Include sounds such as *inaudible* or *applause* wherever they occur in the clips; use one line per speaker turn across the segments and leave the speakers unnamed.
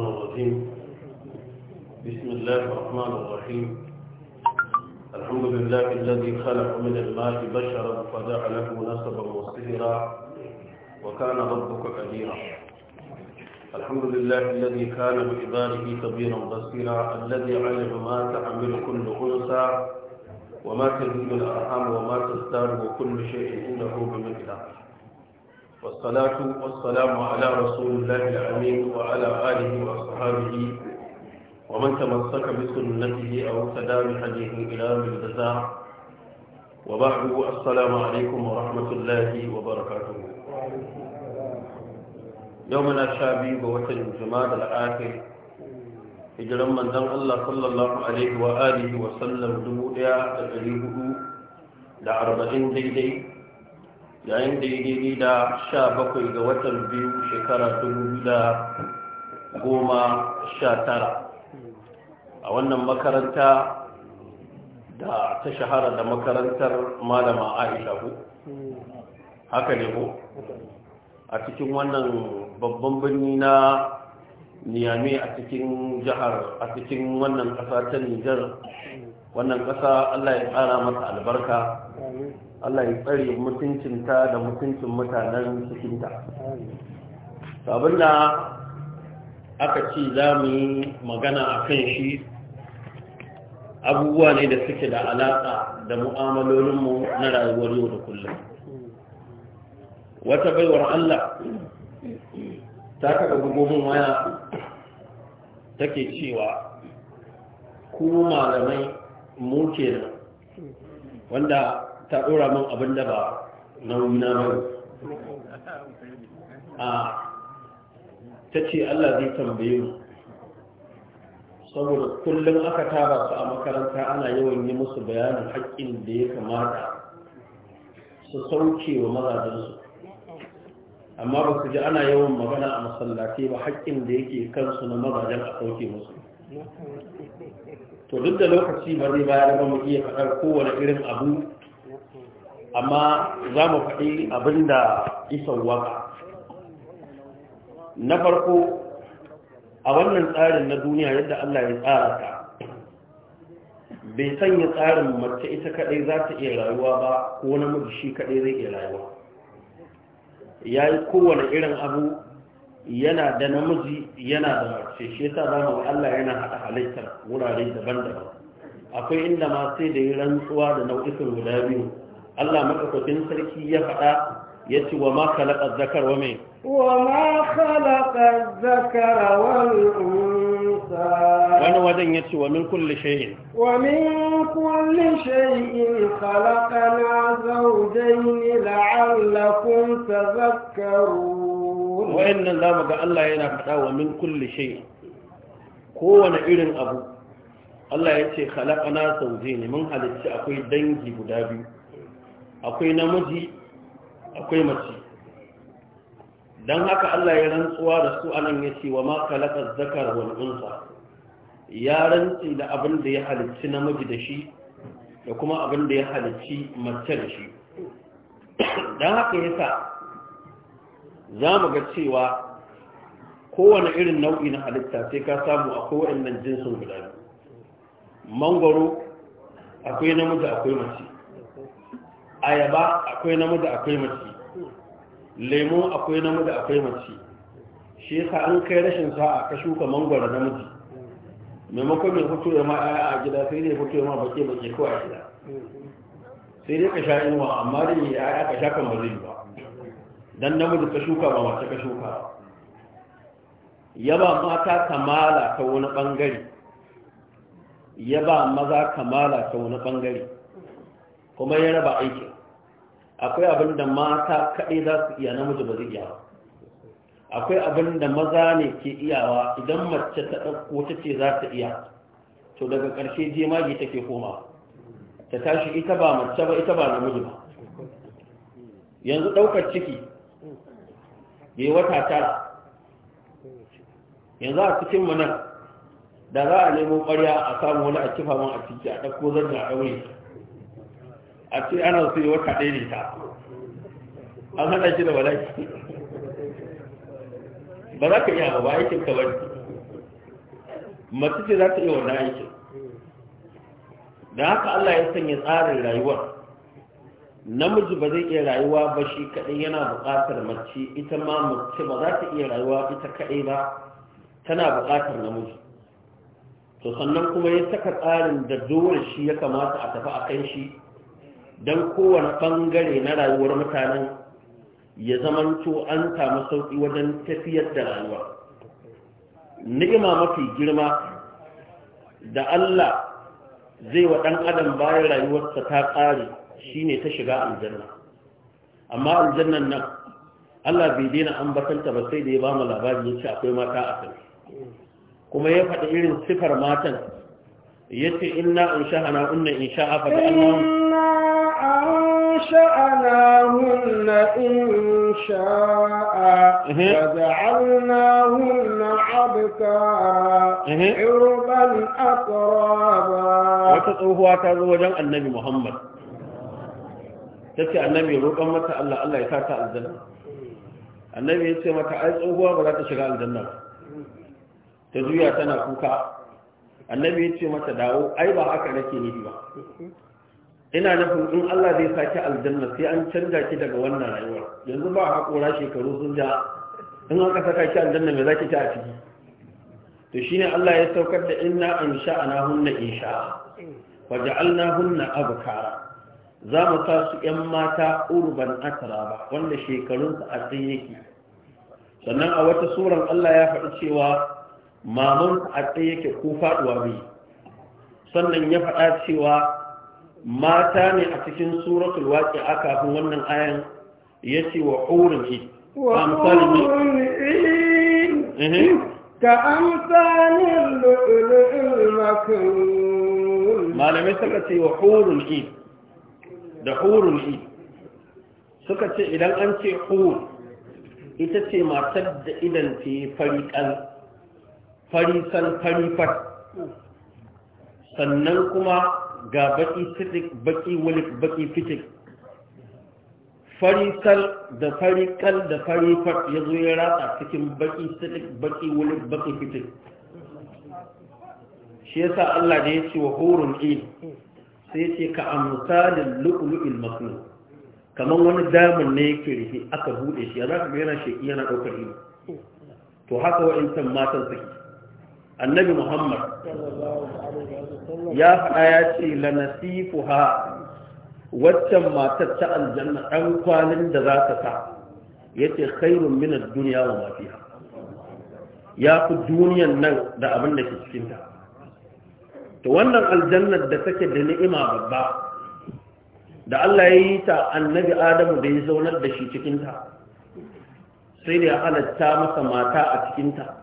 الشيطان الرجيم بسم الله الرحمن الرحيم الحمد لله الذي خلق من الماء بشرا فجعله له نسبا وصهرا وكان ربك قديرا الحمد لله الذي كان بعباده كبيرا بصيرا الذي علم ما تعمل كل انثى وما تزيد الارحام وما تزداد كل شيء عنده بمثله والصلاة والسلام على رسول الله الأمين وعلى آله وأصحابه ومن تمسك بسنته أو اهتدى بهديه إلى الجزاء وبعد السلام عليكم ورحمة الله وبركاته يومنا شابي بوتن جماد الآخر
hijiran manzon Allah sallallahu alaihi wa alihi wa sallam dubu ɗaya da
ɗari hudu da arba'in daidai yayin da ya daidai da sha bakwai ga watan biyu shekara dubu da goma sha tara a wannan makaranta da ta shahara da makarantar malama aisha ko haka ne ko a cikin wannan babban birni na niyami a cikin jihar a cikin wannan kasa ta nijar wannan kasa allah ya tsara masa albarka Allah ya tsare mutuncinta da mutuncin mutanen cikinta abin da aka ce za mu yi magana a kan shi abubuwa ne da suke da alaƙa da mu'amalolinmu na rayuwar yau da kullum wata baiwar Allah ta taɓa mun waya take cewa ku malamai muke da wanda ta ɗora min abin da ba nauyi na ba
a
ta ce Allah zai tambaye mu saboda kullum aka tara su a makaranta ana yawan yi musu bayanin haƙƙin da ya kamata su sauke wa mazajensu amma ba su ji ana yawan magana a masallaci ba haƙƙin da yake kansu na mazajen a sauke musu to duk da lokaci ba zai bayar ba mu iya faɗar kowane irin abu amma za mu faɗi abin da isan waka na farko a wannan tsarin na duniya yadda Allah ya tsara ta bai sanya tsarin mace ita kaɗai za ta iya rayuwa ba ko namiji shi kaɗai zai iya rayuwa ya yi kowane irin abu yana da namiji yana da mace shi yasa za mu Allah yana haɗa halittar wurare daban-daban akwai inda ma sai da yi rantsuwa da nau'ikan guda biyu Allah madaukakin sarki ya faɗa ya ce wa ma khalaqa zakar wa mai
wa ma khalaqa zakar wal unsa wani
wajen ya ce wa min kulli shay'in
wa min kulli shay'in khalaqna zawjayn la'allakum tadhakkarun wa'annan
zamu ga Allah yana faɗa wa min kulle shay'in kowane irin abu Allah ya ce kalaƙa na khalaqna zawjayn mun halicci akwai dangi guda biyu akwai namiji akwai mace don haka Allah ya rantsuwa da su anan ya ce wa maka laƙar zakar wal'unsa ya rantsi da abin da ya halicci namiji da shi da kuma abin da ya halicci mace da shi don haka ya sa za mu ga cewa kowane irin nau'i na halitta sai ka samu a kowane jinsin guda mangwaro akwai namiji akwai mace ayaba akwai namiji akwai mace lemo akwai namiji akwai mace shi yasa an kai rashin sa'a ka shuka mangwaro namiji maimakon mai fito ya ma a gida sai dai fito ya ma bake bake ko a gida sai dai ka sha inuwa amma dai ya ya ka sha kan ba zai ba dan namiji ka shuka ba mace ka shuka yaba mata kamala ta wani bangare yaba maza kamala ta wani bangare kuma ya raba aikin akwai abin da mata kaɗai za su iya namiji ba zai iya ba akwai abin da maza ne ke iyawa idan mace ta ɗauko ta ce za ta iya to daga ƙarshe jemage take koma ta tashi ita ba mace ba ita ba namiji ba yanzu ɗaukar ciki ya yi wata tara yanzu a cikin nan da za a nemo ƙwarya a samu wani a kifa man a ciki a ɗauko zan a aure. a ce ana su yi wata ɗaya ne ta an haɗa shi da walaki ba za ka iya ba ba aikin ka wani mace ce za ta iya wani aikin da haka Allah ya sanya tsarin rayuwar namiji ba zai iya rayuwa ba shi kaɗai yana buƙatar mace ita ma mace ba za ta iya rayuwa ita kaɗai ba tana buƙatar namiji to sannan kuma ya saka tsarin da dole shi ya kamata a tafi a kan shi don kowane ɓangare na rayuwar mutanen ya zamanto an samu sauƙi wajen tafiyar da rayuwa ni'ima mafi girma da Allah zai wa ɗan adam bayan rayuwarsa ta ƙare shine ta shiga aljanna amma aljannan nan Allah bai daina ambatanta ba sai da ya ba mu labari ya ce akwai mata a kai kuma ya faɗi irin sifar matan ya ce inna in sha'ana unna in sha'a da Allah
أنشأناهن إن شاء فجعلناهن أبكارا عربا أترابا
وتطوفوا كانوا وجن النبي محمد تكي النبي روكا متى الله الله يساتا الجنة النبي يسي متى عايز ولا تشغال الجنة تجوية تنا كوكا annabi ya ce mata dawo ai ba haka ina nufin in Allah zai saki aljanna sai an canza ki daga wannan rayuwar yanzu ba haƙora shekaru sun ja in aka saka ki aljanna me zaki ci a ciki to shine Allah ya saukar da inna ana hunna insha wa ja'alna hunna abkara za mu sa su yan mata urban atraba wanda shekarun su a tsaye yake sannan a wata suran Allah ya faɗi cewa maman a yake ko faɗuwa bai sannan ya faɗa cewa mata ne a cikin suratul waƙi a kafin wannan ayan ya ce wa ƙorin
wa ka
malamai suka ce wa da suka ce idan an ce ita ce matar da idan ce farisan farifar sannan kuma ga baki sidik baki wulik baki fitik farikal da farikal da farikal ya zo ya ratsa cikin baki sidik baki wulik baki fitik shi yasa Allah da ya ce wa horon in sai ce ka amsalin lu'lu'il maknun kamar wani damun ne yake rufe aka bude shi ya za ka ga yana sheki yana daukar ido to haka wa'ancan matan suke annabi muhammad ya faɗa ya ce lanasifu ha waccan matar ta aljanna ɗan kwanin da za ta sa ya ce khairun minar duniya wa mafiya ya fi duniyan nan da abin da ke cikinta to wannan aljannar da take da ni'ima babba da Allah ya yi ta annabi adamu da ya zaunar da shi cikinta sai da ya halatta masa mata a cikinta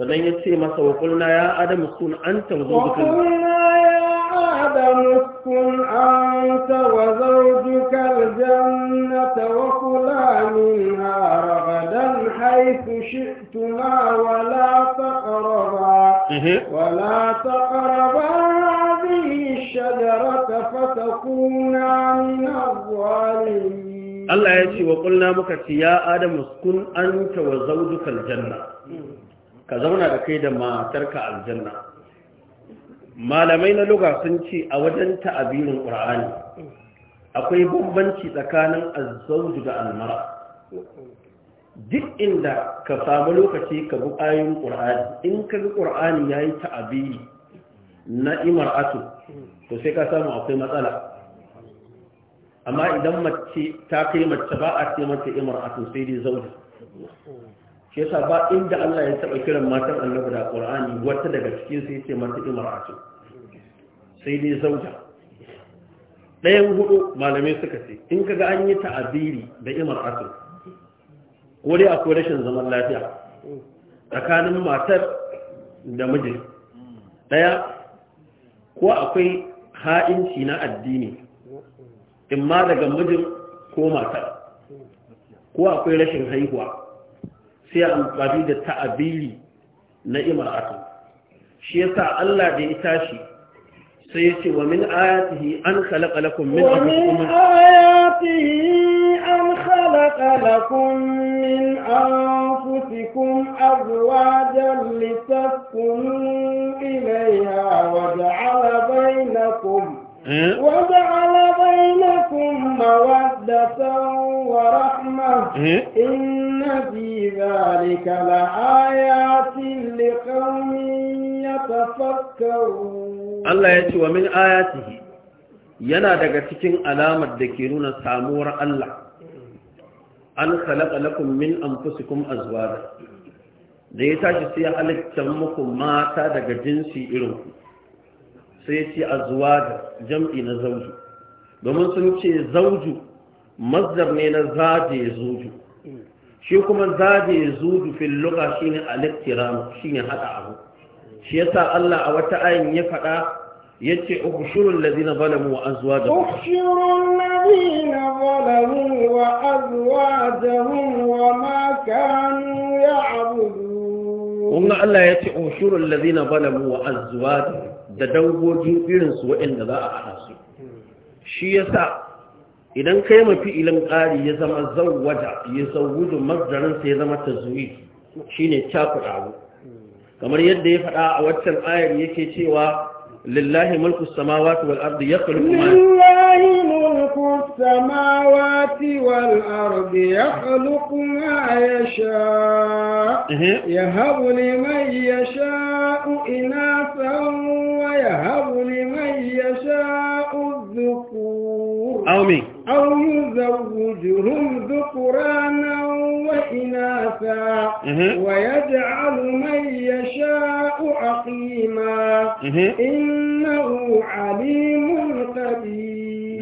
sannan ya ce masa wa kulna
ya adamu kun anta wa zawjuka wa kulna ya adamu kun anta wa zawjuka aljannata wa kula minha ragadan haythu shi'tuma wa la taqraba mhm. wa la taqraba hadhihi ash-shajarata fatakuna min adh-dhalimin
Allah ya ce wa kulna muka ce ya adamu kun anta wa zawjuka aljanna ka zauna da kai da matarka aljanna malamai na luga sun ce a wajen ta'abirin ƙur'ani akwai bambanci tsakanin azzauju da almara duk inda ka samu lokaci ka bi ayoyin ƙur'ani in ka bi ƙur'ani yayi yi ta'abiri na imar'atu to sai ka samu akwai matsala amma idan mace ta kai mace ba a ce mata imar'atu sai dai zauji shi yasa ba inda Allah ya taba kiran matan annabi da Qur'ani wata daga cikin sai ce mata imra'atu sai dai zauja ɗayan hudu malamai suka ce in kaga an yi ta'abiri da imra'atu ko dai akwai rashin zaman lafiya tsakanin matar da miji ɗaya ko akwai ha'inci na addini in ma daga mijin ko matar ko akwai rashin haihuwa sai amfani da ta'abili na imra'atu shi yasa Allah da ya tashi sai yace wa min ayatihi an khalaqa lakum
min ayatihi an khalaqa lakum min anfusikum azwajan litaskunu ilayha wa bainakum Hmm? وجعل بينكم مودة ورحمة hmm? إن في ذلك لآيات لقوم يتفكرون الله يأتي
ومن آياته yana daga cikin alamar da ke nuna samuwar Allah an khalaqa lakum min anfusikum azwaja da ya tashi sai halitta muku mata daga jinsi irin ku sai ya ce azwaja jam'i na zauju domin sun ce zauju mazdar ne na zaje zuju shi kuma zaje zuju fil lugha shine al shi ne haɗa abu shi ya sa Allah a wata ayin ya faɗa yace ukhshurul ladina zalamu wa azwajuhum
ukhshurul ladina zalamu wa azwajuhum wa ma kanu ya'budun
Allah yace ukhshurul ladina zalamu wa azwajuhum da dangogin su waɗanda za a haɗa su shi ya sa idan ka yi mafi ilin ƙari ya zama zan zauwada ya gudun mazdarinsa ya zama ta zuwi shi ne cakuɗawo kamar yadda ya faɗa a waccan ayar yake cewa lillahi mulkus samawati wal ardi yakhluqu
خلق السماوات والأرض يخلق ما يشاء يهب لمن يشاء إناثا ويهب لمن يشاء الذكور أو من أو يزوجهم ذكرانا وإناثا ويجعل من يشاء عقيما إنه عليم قدير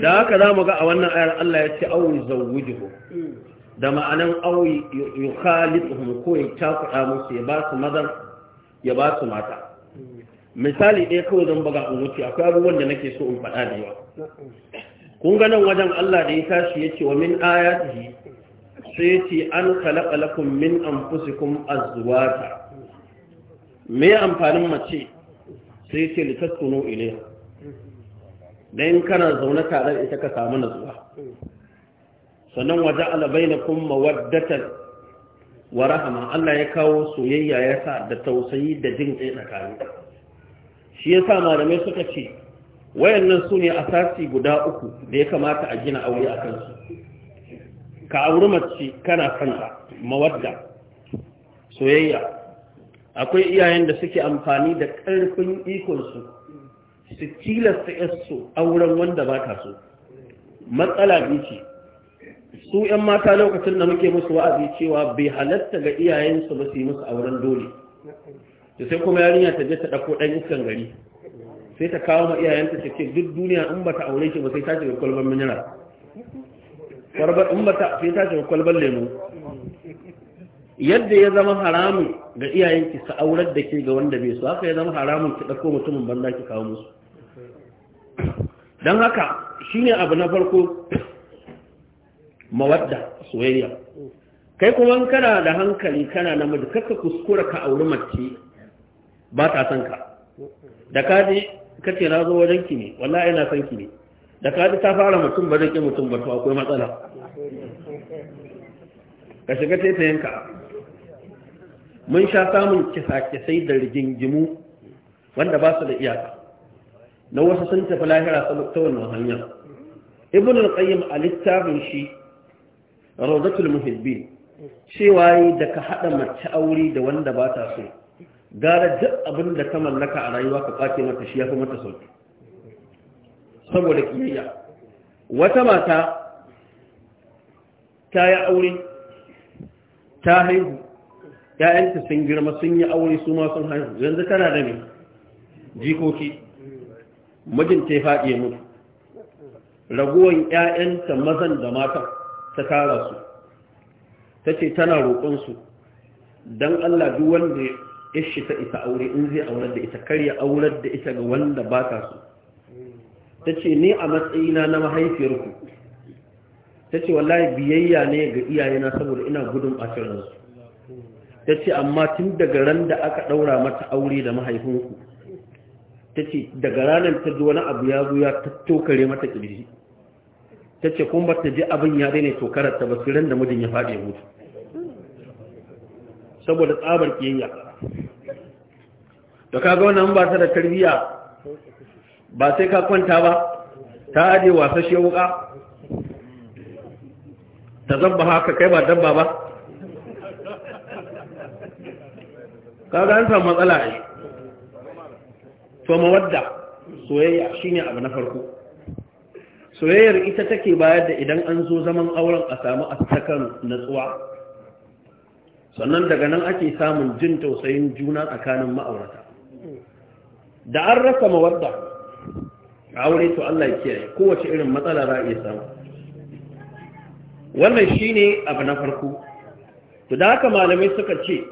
da haka za mu ga a wannan ayar Allah
ya ce auyi zawujuhu mm. da ma'anan auyi yukhalituhum ko ya musu mm. misali ɗaya kawai zan buga in wuce akwai abubuwan da nake so in faɗa da yawa kun ganin wajen Allah da ya tashi ya ce wa min ayatihi sai ce an kalaka lakum min anfusikum azwaja me amfanin mace sai ce litaskunu ilayha dan kana zaune tare ita ka samu nutsuwa sannan ala bainakum mawaddatan
wa rahama Allah ya kawo soyayya ya sa da tausayi da jin kai
tsakani shi yasa malamai suka ce wayannan su ne asasi guda uku da ya kamata a gina aure a kansu ka auri mace kana kanta mawadda soyayya akwai iyayen da suke amfani da ƙarfin ikonsu su tilasta yarsu auren wanda ba ta so matsala bici su 'yan mata lokacin da muke musu wa'azi cewa bai halatta ga iyayensu ba su yi musu auren dole da sai kuma yarinya ta je ta ɗauko ɗan iskan gari sai ta kawo ma iyayenta ta ce duk duniya in ba ta aure shi ba sai ta shiga kwalban mineral kwalban in ba ta sai ta shiga kwalban lemu yadda ya zama haramun ga iyayenki su aurar da ke ga wanda bai su haka ya zama haramun ki ɗauko mutumin banza ki kawo musu don haka shine abu na farko mawadda soyayya kai kuma kana da hankali kana namiji kakka kuskura ka auri mace ba ta son ka da ka je ka ce na zo wajen ki ne wallahi ina san ki ne da ka ta fara mutum ba zai ki mutum ba to akwai matsala ka shiga ta yanka mun sha samun kisa-kisai da rigingimu wanda ba su da iyaka na wasu sun tafi lahira ta wannan hanya ibn al-qayyim a littafin shi rawdatul muhibbin cewa yi da ka haɗa mace aure da wanda ba ta so gara duk abin da ta mallaka a rayuwa ka kwace mata shi ya fi mata sauki saboda kiyayya wata mata ta yi aure ta haihu ‘ya'yanta sun girma sun yi aure su ma sun haihu yanzu tana da ne jikoki mijinta ya faɗi mutu ragowar ‘ya'yanta mazan da matan ta kara su ta ce tana su don Allah duk wanda ishi ta isa aure in zai aurar da ita karya aurar da ita ga wanda ba ta so ta ce ni a matsayina na mahaifiyarku ta ce wallahi biyayya ne ga iyayena saboda ina gudun ɓacin ransu ta ce amma tun daga ran da aka ɗaura mata aure da mahaifinku ta ce daga ranar ta ji wani abu ya zo ya tattokare mata ƙirji ta ce kuma ba ta ji abin ya daina tokarar ta ba su ran da mijin ya faɗi ya mutu saboda tsabar ƙiyayya to kaga wannan ba ta da tarbiya ba sai ka kwanta ba ta aje wasa shi wuka ta zabba haka kai ba dabba ba
kaga an samu matsala ne
to mawadda soyayya shine abu na farko soyayyar ita take bayar da idan an zo zaman auren a samu a attakan natsuwa sannan daga nan ake samun jin tausayin juna tsakanin ma'aurata da an rasa mawadda aure to Allah ya kiyaye kowace irin matsala za a iya samu wannan shine abu na farko to da haka malamai suka ce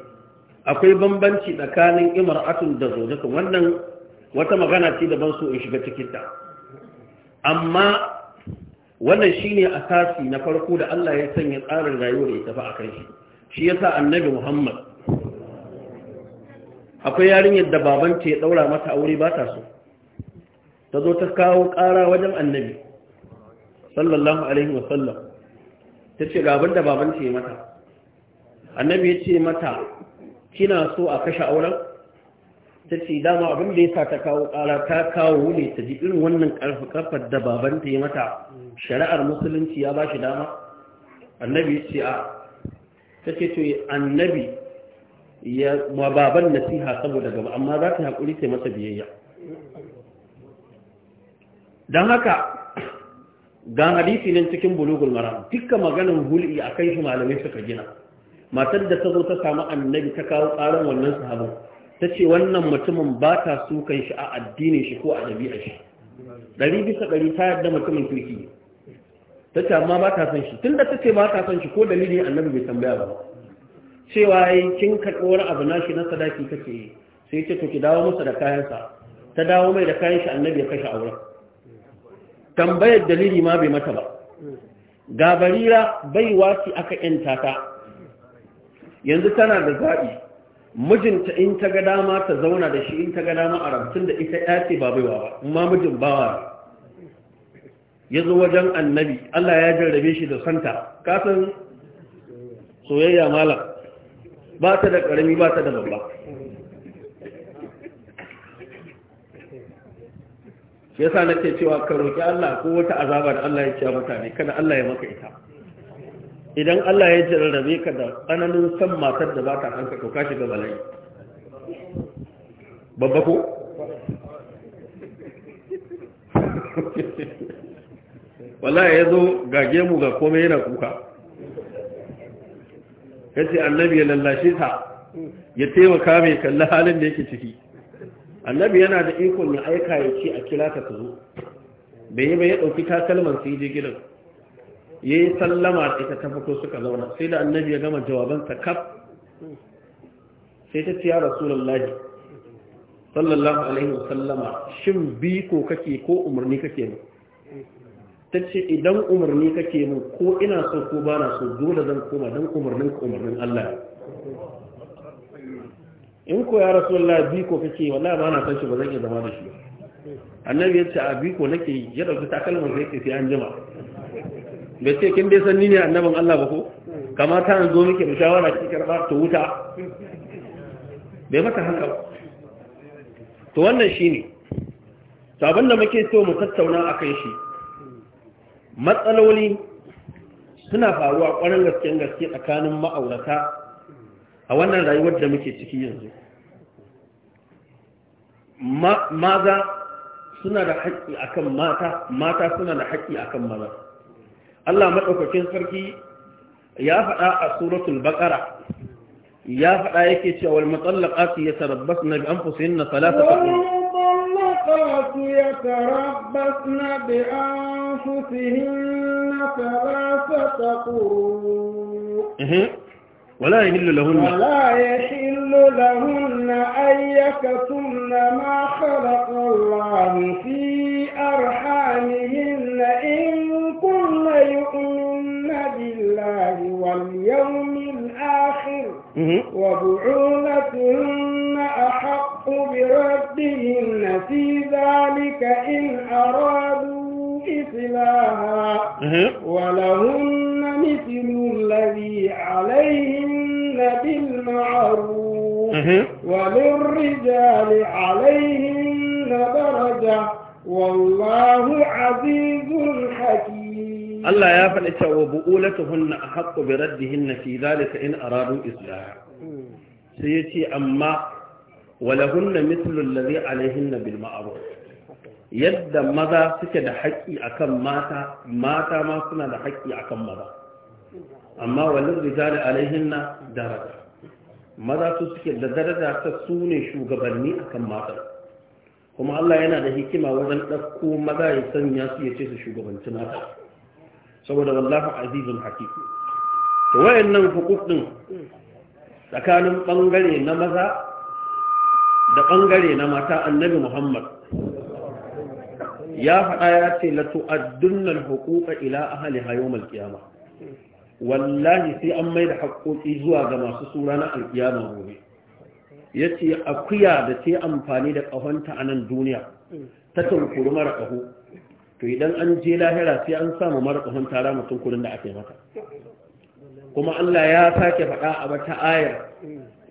akwai bambanci tsakanin imar'atun da zojaka wannan wata magana ce da ban so in shiga cikinta amma wannan shine asasi na farko da Allah ya sanya tsarin rayuwar tafi a kan shi shi ya sa annabi muhammad akwai yarinyar da babanta ya daura mata aure ba ta so ta zo ta kawo kara wajen annabi sallallahu alaihi wasallam ta ce gaban da babanta ya mata annabi ya ce mata kina so a kashe auren ta ce dama abin da ya sa ta kawo ƙara ta kawo ne ta ji irin wannan ƙarfafar da babanta ya mata shari'ar musulunci ya ba shi dama annabi ya ce a ta ce to annabi ya ma baban nasiha saboda gaba amma za ta haƙuri ta masa biyayya don haka ga hadisi nan cikin bulugul maram duka maganin hul'i a kan shi malamai suka gina matar da ta zo ta samu annabi ta kawo tsarin wannan sahabu ta ce wannan mutumin ba ta sukan shi a addinin shi ko a ɗabi'a shi ɗari bisa ɗari ta yadda mutumin kirki ta amma ba ta son shi tun da ta ba ta son shi ko dalili annabi bai tambaya ba cewa yi kin karɓi abu na shi na sadaki kake yi sai ce to dawo masa da kayansa ta dawo mai da kayan shi annabi ya kashe auren tambayar dalili ma bai mata ba ga barira bai wasi aka yanta ta yanzu tana da zaɓi mijinta in ta ga dama ta zauna da shi in ta ga dama a rabtun da ita ya ce ba baiwa ba amma mijin bawa ya zo wajen annabi Allah ya jarrabe shi da santa kasan soyayya malam ba ta da ƙarami ba ta da babba sa na nake cewa ka roƙi Allah ko wata azabar da Allah ya ciya mutane kada Allah ya maka ita idan Allah ya jarrabe ka da tsananin san matar da ba ta hanka to ka shiga bala'i babba ko
*laughs* wallahi ya zo gage mu ga
komai yana kuka ya ce annabi ya lallashe ta ya taimaka mai kalli halin da yake ciki annabi yana da ikon ya aika ya ce a kira ta zo bai yi bai ya ɗauki kalmar sai je gidan ya yi sallama ita tafato suka zauna sai da annabi ya gama jawabansa kaf sai ta ce ya rasulallahi sallallahu alaihi wasallama shin bi ko kake ko umarni kake ne ta ce idan umarni kake mu ko ina so ko ba na so dole zan koma don umarnin ka umarnin Allah in ko ya rasu Allah bi ko kake wallahi ba na san shi ba zan iya zama da shi annabi ya ce a bi ko nake ya dauki takalma sai ke sai an jima bai ce kin dai sanni ne annabin Allah ba ko kamata an zo muke da shawara ki karba to wuta bai mata haka ba to wannan shine to abinda muke so mu tattauna akan shi matsaloli suna faruwa ƙwarar gaske gaske tsakanin ma'aurata a wannan rayuwar da muke ciki yanzu maza suna da haƙƙi akan mata mata suna da haƙƙi akan maza Allah maɗaukakin sarki ya faɗa a suratul baqara ya faɗa yake cewa wal mutallaqati yatarabbasna bi anfusihinna thalathata qurun
المطلقات يتربصن بأنفسهن ثلاثة قروء
ولا يحل لهن ولا
يحل لهن أن يكتمن ما خلق ولهن مثل الذي عليهن بالمعروف وللرجال عليهن درجة والله عزيز حكيم
الله يا فلسة وبؤولتهن أحق بردهن في ذلك إن أرادوا إصلاحا سيتي أما ولهن مثل الذي عليهن بالمعروف yadda maza suke da haƙƙi akan mata mata ma suna da haƙƙi akan maza
amma walin
rijali alaihinna daraja maza su suke da daraja ta su ne shugabanni akan mata kuma Allah yana da hikima wajen ɗauko maza ya sanya su ya ce su shugabanci mata saboda wallahu azizun hakim to wayannan hukuk din tsakanin bangare na maza da bangare na mata annabi Muhammad ya faɗa ya ce la tu'addunnal huquqa ila ahliha yawmal qiyamah wallahi sai an mai da haƙoƙi zuwa ga masu sura na alƙiyama gobe yace akuya da ta amfani da ƙahonta a nan duniya ta tunkuri mara ƙaho to idan an je lahira sai an samu mara ƙahon tara mutum kurin da ake maka kuma Allah ya sake faɗa a wata ayar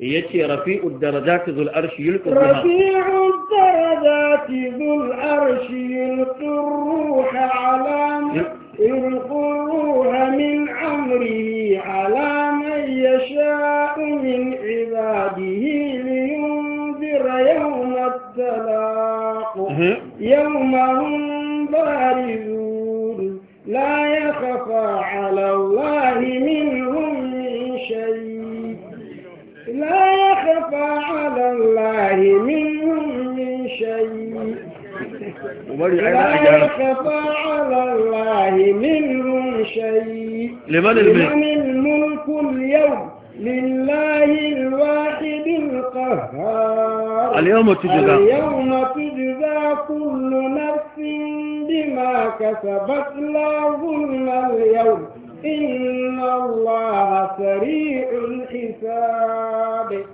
يتي رفيع الدرجات ذو الأرش يلقي الروح
رفيع الدرجات ذو الأرش يلقي الروح على يلقي الروح من أمره على من يشاء من عباده لينذر يوم التلاق يوم هم بارزون لا يخفى على الله منهم من شيء لا يخفى على الله منهم من شيء لا يخفى على الله منهم شيء لمن الملك اليوم لله الواحد القهار اليوم تجزى اليوم تجزى كل نفس بما كسبت لا ظلم اليوم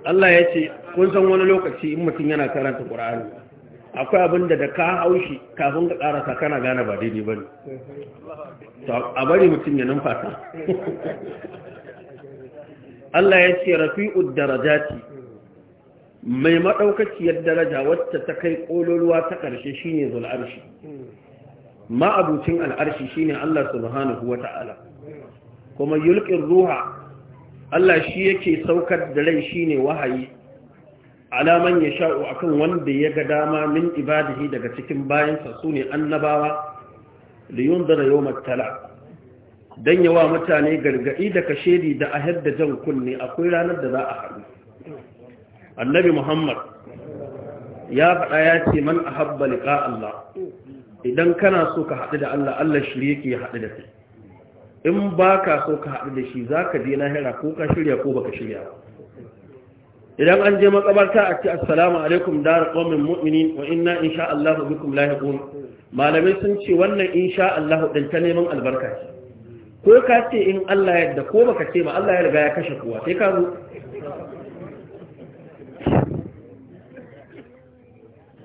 Allah ya ce, kun san wani lokaci in mutum yana karanta ƙura'ani, akwai abin da da ka haushi kafin ka karasa kana gane ba daidai ba ne
a bari mutum ya numfata.
*laughs* Allah ya ce rafi'ud darajati mai maɗaukaciyar daraja wacce ta kai ƙololuwa ta ƙarshe shine zul'arshi Ma'abucin abucin al'arshi shine Allah subhanahu wata'ala kuma yulkin ruha Allah shi yake saukar da rai shine wahayi alaman ya sha'u akan wanda ya ga dama min ibadahi daga cikin bayansa su ne annabawa liyun da na yau matala don yawa mutane gargaɗi da kashedi da ahir da jan kunne akwai ranar da za a haɗu annabi muhammad ya faɗa ya ce man a habba liƙa Allah idan kana so ka haɗu da Allah Allah shirye ke haɗu da kai in ba ka so ka haɗu da shi za ka je hira ko ka shirya ko baka shirya idan an je makabarta a ce assalamu alaikum dar qawmin mu'minin wa inna insha Allah bikum lahiqun malamai sun ce wannan insha Allah din ta neman albarka ko ka ce in Allah yadda ko baka ce ba Allah ya riga ya kashe kowa sai ka zo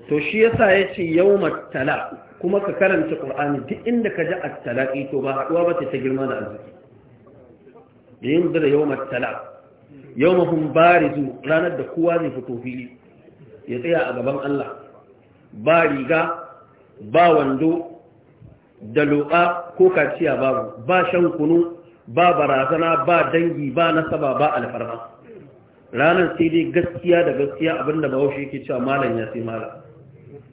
to shi yasa yace yawmat talaq kuma ka karanta ƙur'ani duk inda ka ji at-talaqi to ba haɗuwa ba ta girma da arziki yin da yawm at-talaq yawmahum barizu ranar da kowa zai fito fili ya tsaya a gaban Allah ba riga ba wando da loƙa ko kaciya babu ba shan kunu ba barazana ba dangi ba nasaba ba alfarma ranar sai dai gaskiya da gaskiya abinda bahaushe yake cewa malam ya sai malam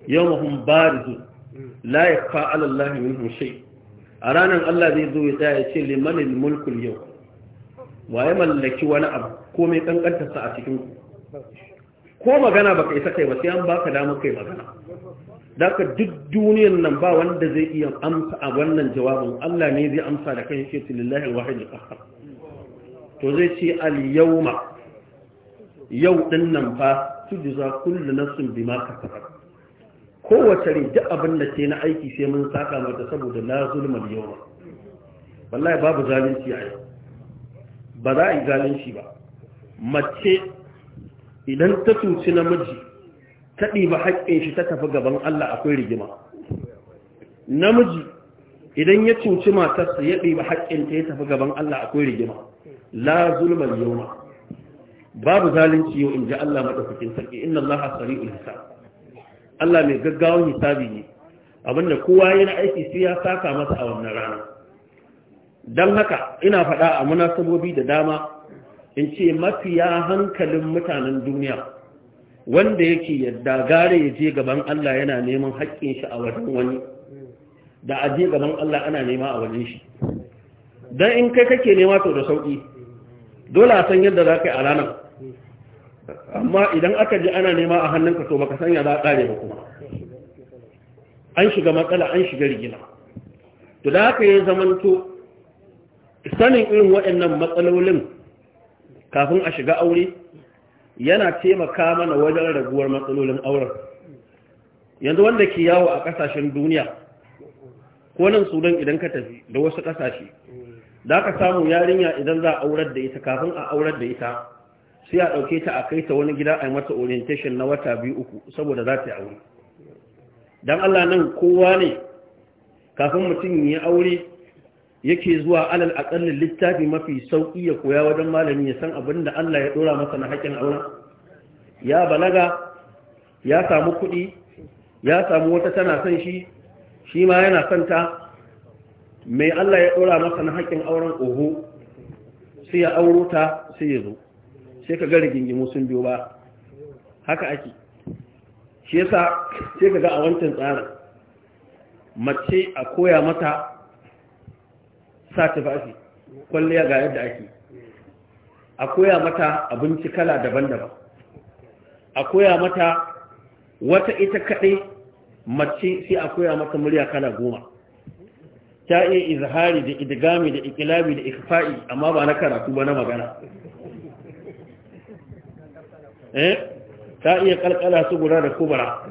yawmahum barizu la yakfa ala a ranan Allah zai zo ya ya ce limanin mulkul yau waye mallaki wani abu ko mai kankanta sa a cikin ku ko magana baka isa kai ba sai an baka dama kai magana daga duk duniyar nan ba wanda zai iya amsa a wannan jawabin Allah ne zai amsa da kai shi lillahi wahid qahhar to zai ce al yawma yau din nan fa tujza kullu nafsin bima kasabat kowace rai duk abin da ke na aiki sai mun saka mata saboda la zulmal yawma wallahi babu zalunci a yau ba za a yi zalunci ba mace idan ta cuci namiji ta ɗiba haƙƙin shi ta tafi gaban Allah akwai rigima namiji idan ya cuci matarsa ya ɗiba haƙƙin ta ya tafi gaban Allah akwai rigima la zulmal yawma babu zalunci yau in ji Allah madaukakin sarki inna Allah sari'ul hisab Allah mai gaggawan hisabi ne abinda kowa yana aiki sai ya saka masa a wannan rana don haka ina faɗa a munasabobi da dama in ce mafiya hankalin mutanen duniya wanda yake yadda gare ya je gaban Allah yana neman haƙƙin shi a wajen wani da a je gaban Allah ana nema a wajen shi don in kai kake nema to da sauƙi dole a san yadda za ka yi a ranar amma idan aka ji ana nema a hannunka to baka sanya za a ƙare ba kuma an shiga matsala an shiga rigila to da haka ya zamanto sanin irin waɗannan matsalolin kafin a shiga aure yana taimaka mana wajen raguwar matsalolin auren yanzu wanda ke yawo a ƙasashen duniya ko nan sudan idan ka tafi da wasu ƙasashe da ka samu yarinya idan za a aurar da ita kafin a aurar da ita sai a ɗauke ta a kai ta wani gida a yi mata orientation na wata biyu uku saboda za ta yi aure don Allah nan kowa ne kafin mutum ya aure yake zuwa alal aƙallin littafi mafi sauƙi ya koya wajen malami ya san abin da Allah ya ɗora masa na haƙƙin auren ya balaga ya samu kuɗi ya samu wata tana son shi shi ma yana son ta mai Allah ya ɗora masa na haƙƙin auren oho sai ya auro ta sai ya zo sai ka ga rigingimu sun biyo ba haka ake shi yasa sai ka ga a wancan tsarin mace a koya mata sa tufafi kwalliya ga yadda ake a koya mata abinci kala daban-daban a koya mata wata ita kaɗai mace sai a koya mata murya kala goma ta iya izhari da idigami da ikilabi da ikfa'i amma ba na karatu ba na magana Eh? ta iya kalkala su guda da kubara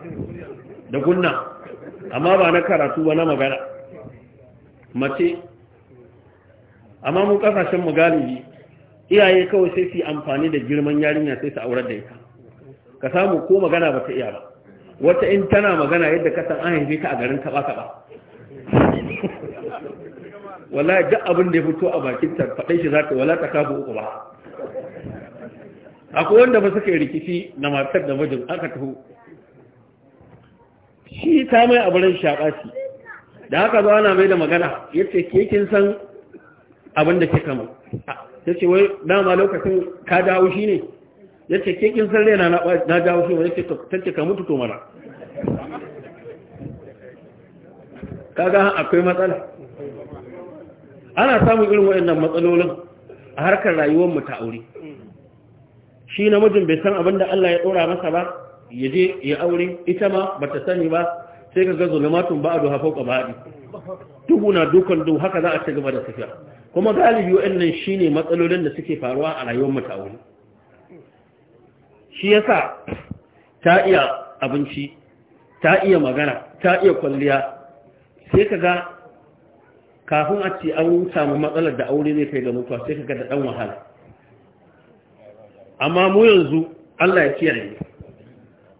da gunna amma ba na karatu ba na magana mace amma mu kasashen mu galibi iyaye kawai sai su amfani da girman yarinya sai su aurar da ita ka samu ko magana ba ta iya ba wata in tana magana yadda ka san an ka a garin kaba kaba
*laughs* wallahi duk
abin da ya fito a bakin ta faɗe shi zaka wala ta kafu uku ba akwai wanda ba suka yi rikici na matar da mijin aka taho shi ta mai abin shi, da haka zuwa na mai da magana ya ce kekin san abin da ke kama ya ce wai dama lokacin ka dawo shi ne ya ce kekin san rena na dawo shi wani ta ce ka mutu to mana kaga akwai matsala ana samun irin waɗannan matsalolin a harkar rayuwar mu ta aure shi namijin bai san abin da Allah ya ɗora masa ba ya je ya aure ita ma ba ta sani ba sai ka ga matun ba a duha fauka ba Tuhu na dukan duhu haka za a ci gaba da tafiya kuma galibi wa'annan shine matsalolin da suke faruwa a rayuwar mu ta aure shi yasa ta iya abinci ta iya magana ta iya kwalliya sai ka ga kafin a ce an samu matsalar da aure zai kai ga mutuwa sai ka ga da ɗan wahala amma mu yanzu Allah ya kiyaye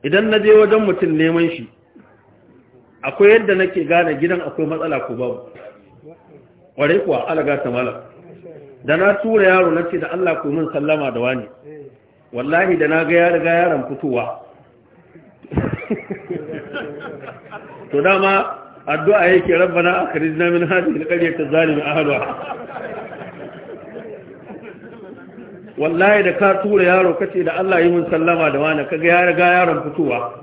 idan na je wajen mutum neman shi akwai yadda nake gane gidan akwai matsala ko babu ƙwarai kuwa alaga ta mala da na tura yaro na ce da Allah ko min sallama da wani wallahi da na ga ya riga yaron fitowa
*laughs* to
dama addu'a yake rabbana akhrijna min hadhihi alqaryati adh-dhalimi ahliha
wallahi da ka tura yaro
kace da Allah yi mun sallama da wani kaga ya riga yaron fitowa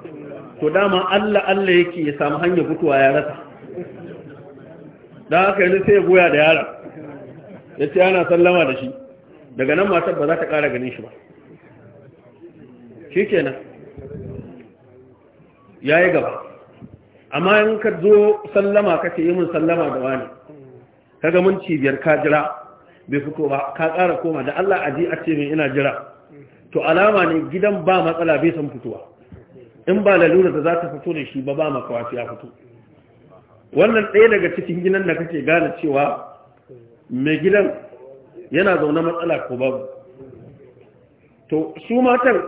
to dama Allah Allah yake ya samu hanya fitowa ya rasa da haka yanzu sai ya goya da yaron ya ce ana sallama da shi daga nan matar ba za ta kara ganin shi ba shikenan yayi gaba amma in ka zo sallama kace yi mun sallama da wani kaga mun cibiyar ka jira bai fito ba ka kara koma da Allah aji a ce min ina jira to alama ne gidan ba matsala bai san fitowa in ba lalura da za ta fito da shi ba ba makawa ya fito wannan ɗaya daga cikin gidan da kake gane cewa mai gidan yana zaune matsala ko babu to su matan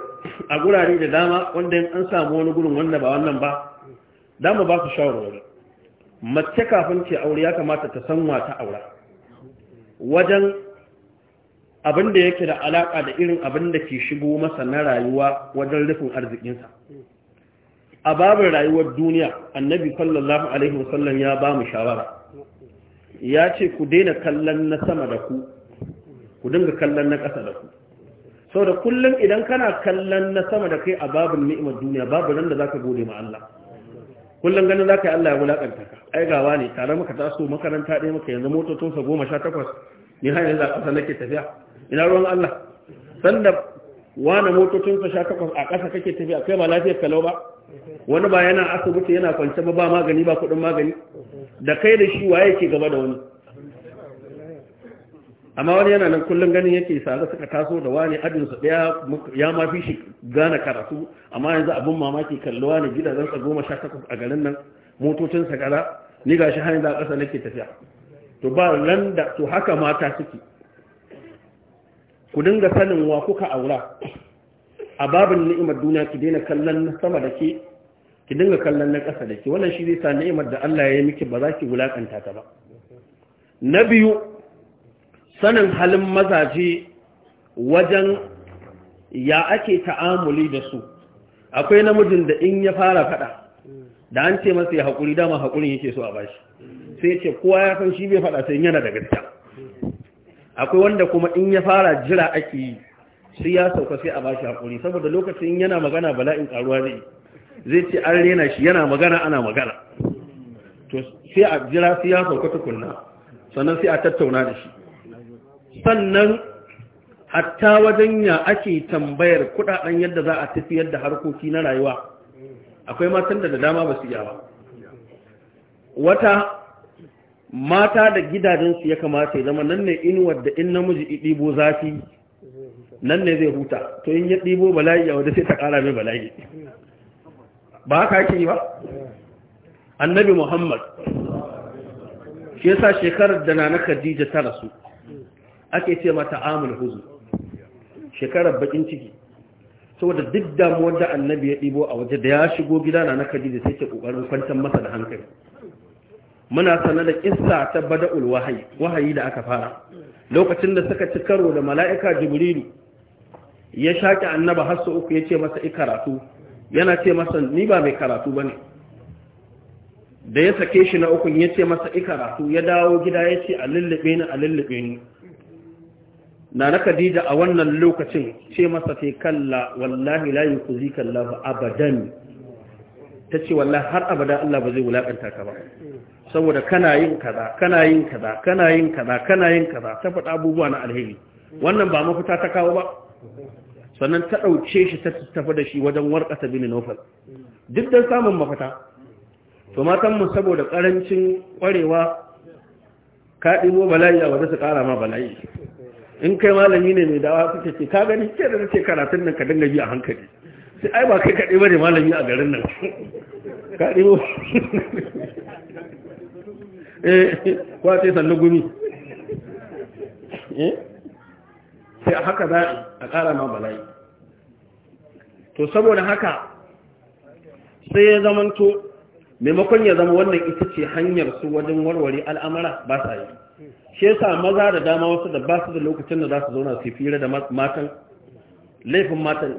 a gurare da dama wanda an samu wani gurin wanda ba wannan ba dama ba su shawarwari mace kafin ce aure ya kamata ta san wata aura wajen abin da yake da alaƙa da irin abin da ke shigo masa na rayuwa wajen rufin arzikinsa a babin rayuwar duniya annabi sallallahu alaihi wasallam ya ba mu shawara ya ce ku daina kallon na sama da ku ku dinga kallon na ƙasa da ku sau da kullum idan kana kallon na sama da kai a babin ni'imar duniya babu nan da za ka gode ma Allah kullum ganin zaka yi Allah ya wulakanta ka ai gawa ne tare ta so makaranta ɗaya maka yanzu motocin sa goma sha takwas ni har yanzu a ƙasa nake tafiya ina ruwan Allah sanda wani motocin sa sha takwas a ƙasa kake tafiya kai ba lafiyar kalau ba wani ba yana asibiti yana kwance ba ba magani ba kuɗin magani da kai da shi waye ke gaba da wani amma wani yana nan kullum ganin yake sare suka taso da wani adinsu daya ya ma fi shi gane karatu amma yanzu abin mamaki kallo wani gidajen sa goma sha takwas a garin nan motocin sa kaza ni ga shi hanyar da ƙasa nake tafiya to ba nan da to haka mata suke ku dinga sanin wa kuka aura a babin ni'imar duniya ki daina kallon sama da ke ki dinga kallon na ƙasa da ke wannan shi zai sa ni'imar da Allah ya yi miki ba za ki wulakanta ta ba na biyu sanin halin mazaje wajen ya ake ta'amuli da su akwai namijin da in ya fara fada da an ce masa ya haƙuri dama haƙurin yake so a bashi sai ce kowa ya san shi bai fada sai yana da gaskiya akwai wanda kuma in ya fara jira ake yi sai ya sauka sai a bashi haƙuri saboda lokacin yana magana bala'in karuwa ne, zai ce an rena shi yana magana ana magana to sai a jira sai ya sauka tukunna sannan sai a tattauna da shi sannan hatta wajen ya ake tambayar kudaden yadda za a tafiyar da harkoki na rayuwa akwai matan da dama ba su yawa wata mata da gidajensu ya kamata ya zama nan ne inuwar da in namiji ɗibo zafi nan ne zai huta to in ya ɗibo bala'i a wadda sai ta ƙara mai bala'i ba haka yake yi ba annabi muhammad
shi yasa shekarar da na
khadija ta rasu ake ce mata amul huzu shekarar bakin ciki saboda duk damuwar da annabi ya ɗibo a waje da ya shigo gida na Kadija sai ke ƙoƙarin kwantar masa da hankali muna sanar da kissa ta bada'ul wahayi wahayi da aka fara lokacin da suka ci karo da mala'ika jibrilu ya shaƙi annaba har su uku ya ce masa i karatu yana ce masa ni ba mai karatu ba ne da ya sake shi na ukun ya ce masa i karatu ya dawo gida ya ce a lullube ni a lullube ni na na Khadija a wannan lokacin ce masa ta kalla wallahi la yuzika Allah abadan tace wallahi har abada Allah ba zai wulakanta ka ba saboda kana yin kaza kana yin kaza kana yin kaza kana yin kaza ta faɗa abubuwa na alheri wannan ba mafita ta kawo ba sannan ta ɗauke shi ta tafi da shi wajen warkata bin nufal duk da samun mafita to matanmu saboda ƙarancin ƙwarewa ka ɗigo bala'i a waje su ƙara ma bala'i in kai malami ne mai dawa suke ce ka gani ke da nake karatun nan ka dinga bi a hankali sai ai ba kai kaɗe ba ne malami a garin nan
*laughs* ka ɗibo *laughs* eh sannu gumi
eh a haka za a ƙara ma bala'i to saboda haka sai ya zamanto maimakon ya zama wannan ita ce hanyar su wajen warware al'amara ba sa yi shi yasa maza da dama wasu da ba su da lokacin da za su zauna su fira da matan laifin matan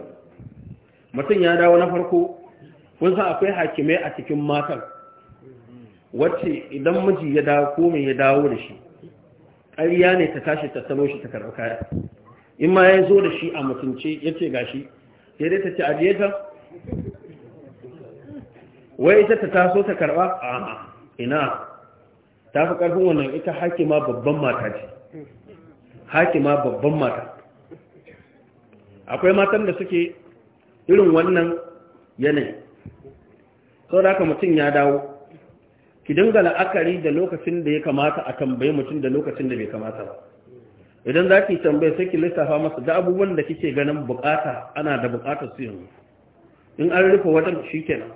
mutum ya dawo na farko kun san akwai hakimai a cikin matan wacce idan miji ya dawo ko mai ya dawo da shi ƙarya ne ta tashi ta salo shi ta karɓi kaya in ma ya zo da shi a mutunce ya ce gashi sai dai ta ce ajiye ta wai ita ta taso ta karɓa a ina ta fi ƙarfin wannan ita hakima babban mata ce hakima babban mata akwai matan da suke irin wannan yanayi sau da aka mutum ya dawo ki dinga la'akari da lokacin da ya kamata a tambayi mutum da lokacin da bai kamata ba idan za ki tambaye sai ki lissafa masa da abubuwan da kike ganin bukata ana da bukatar su yanzu in an rufe wajen shi kenan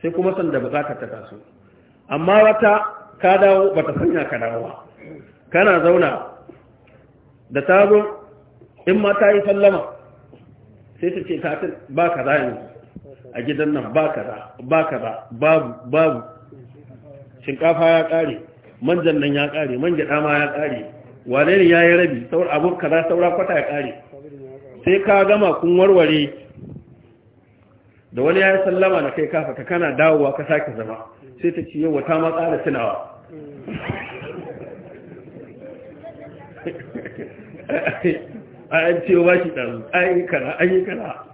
sai kuma san da bukatar ta taso amma wata ka dawo ba ta sanya ka dawo kana zauna da ta in ma ta yi sallama sai ta ce kafin ba ka za yanzu a gidan nan ba ka za ba ka za babu babu shinkafa ya ƙare manjan nan ya ƙare man gyaɗa ma ya ƙare wane ne ya yi rabi saur abin kaza saura kwata ya ƙare sai ka gama kun warware da wani ya yi sallama na kai kafa ka kana dawowa ka sake zama sai ta ce yau ta matsa da tunawa a *laughs* yi ce ba shi ɗazu an yi kana an yi kana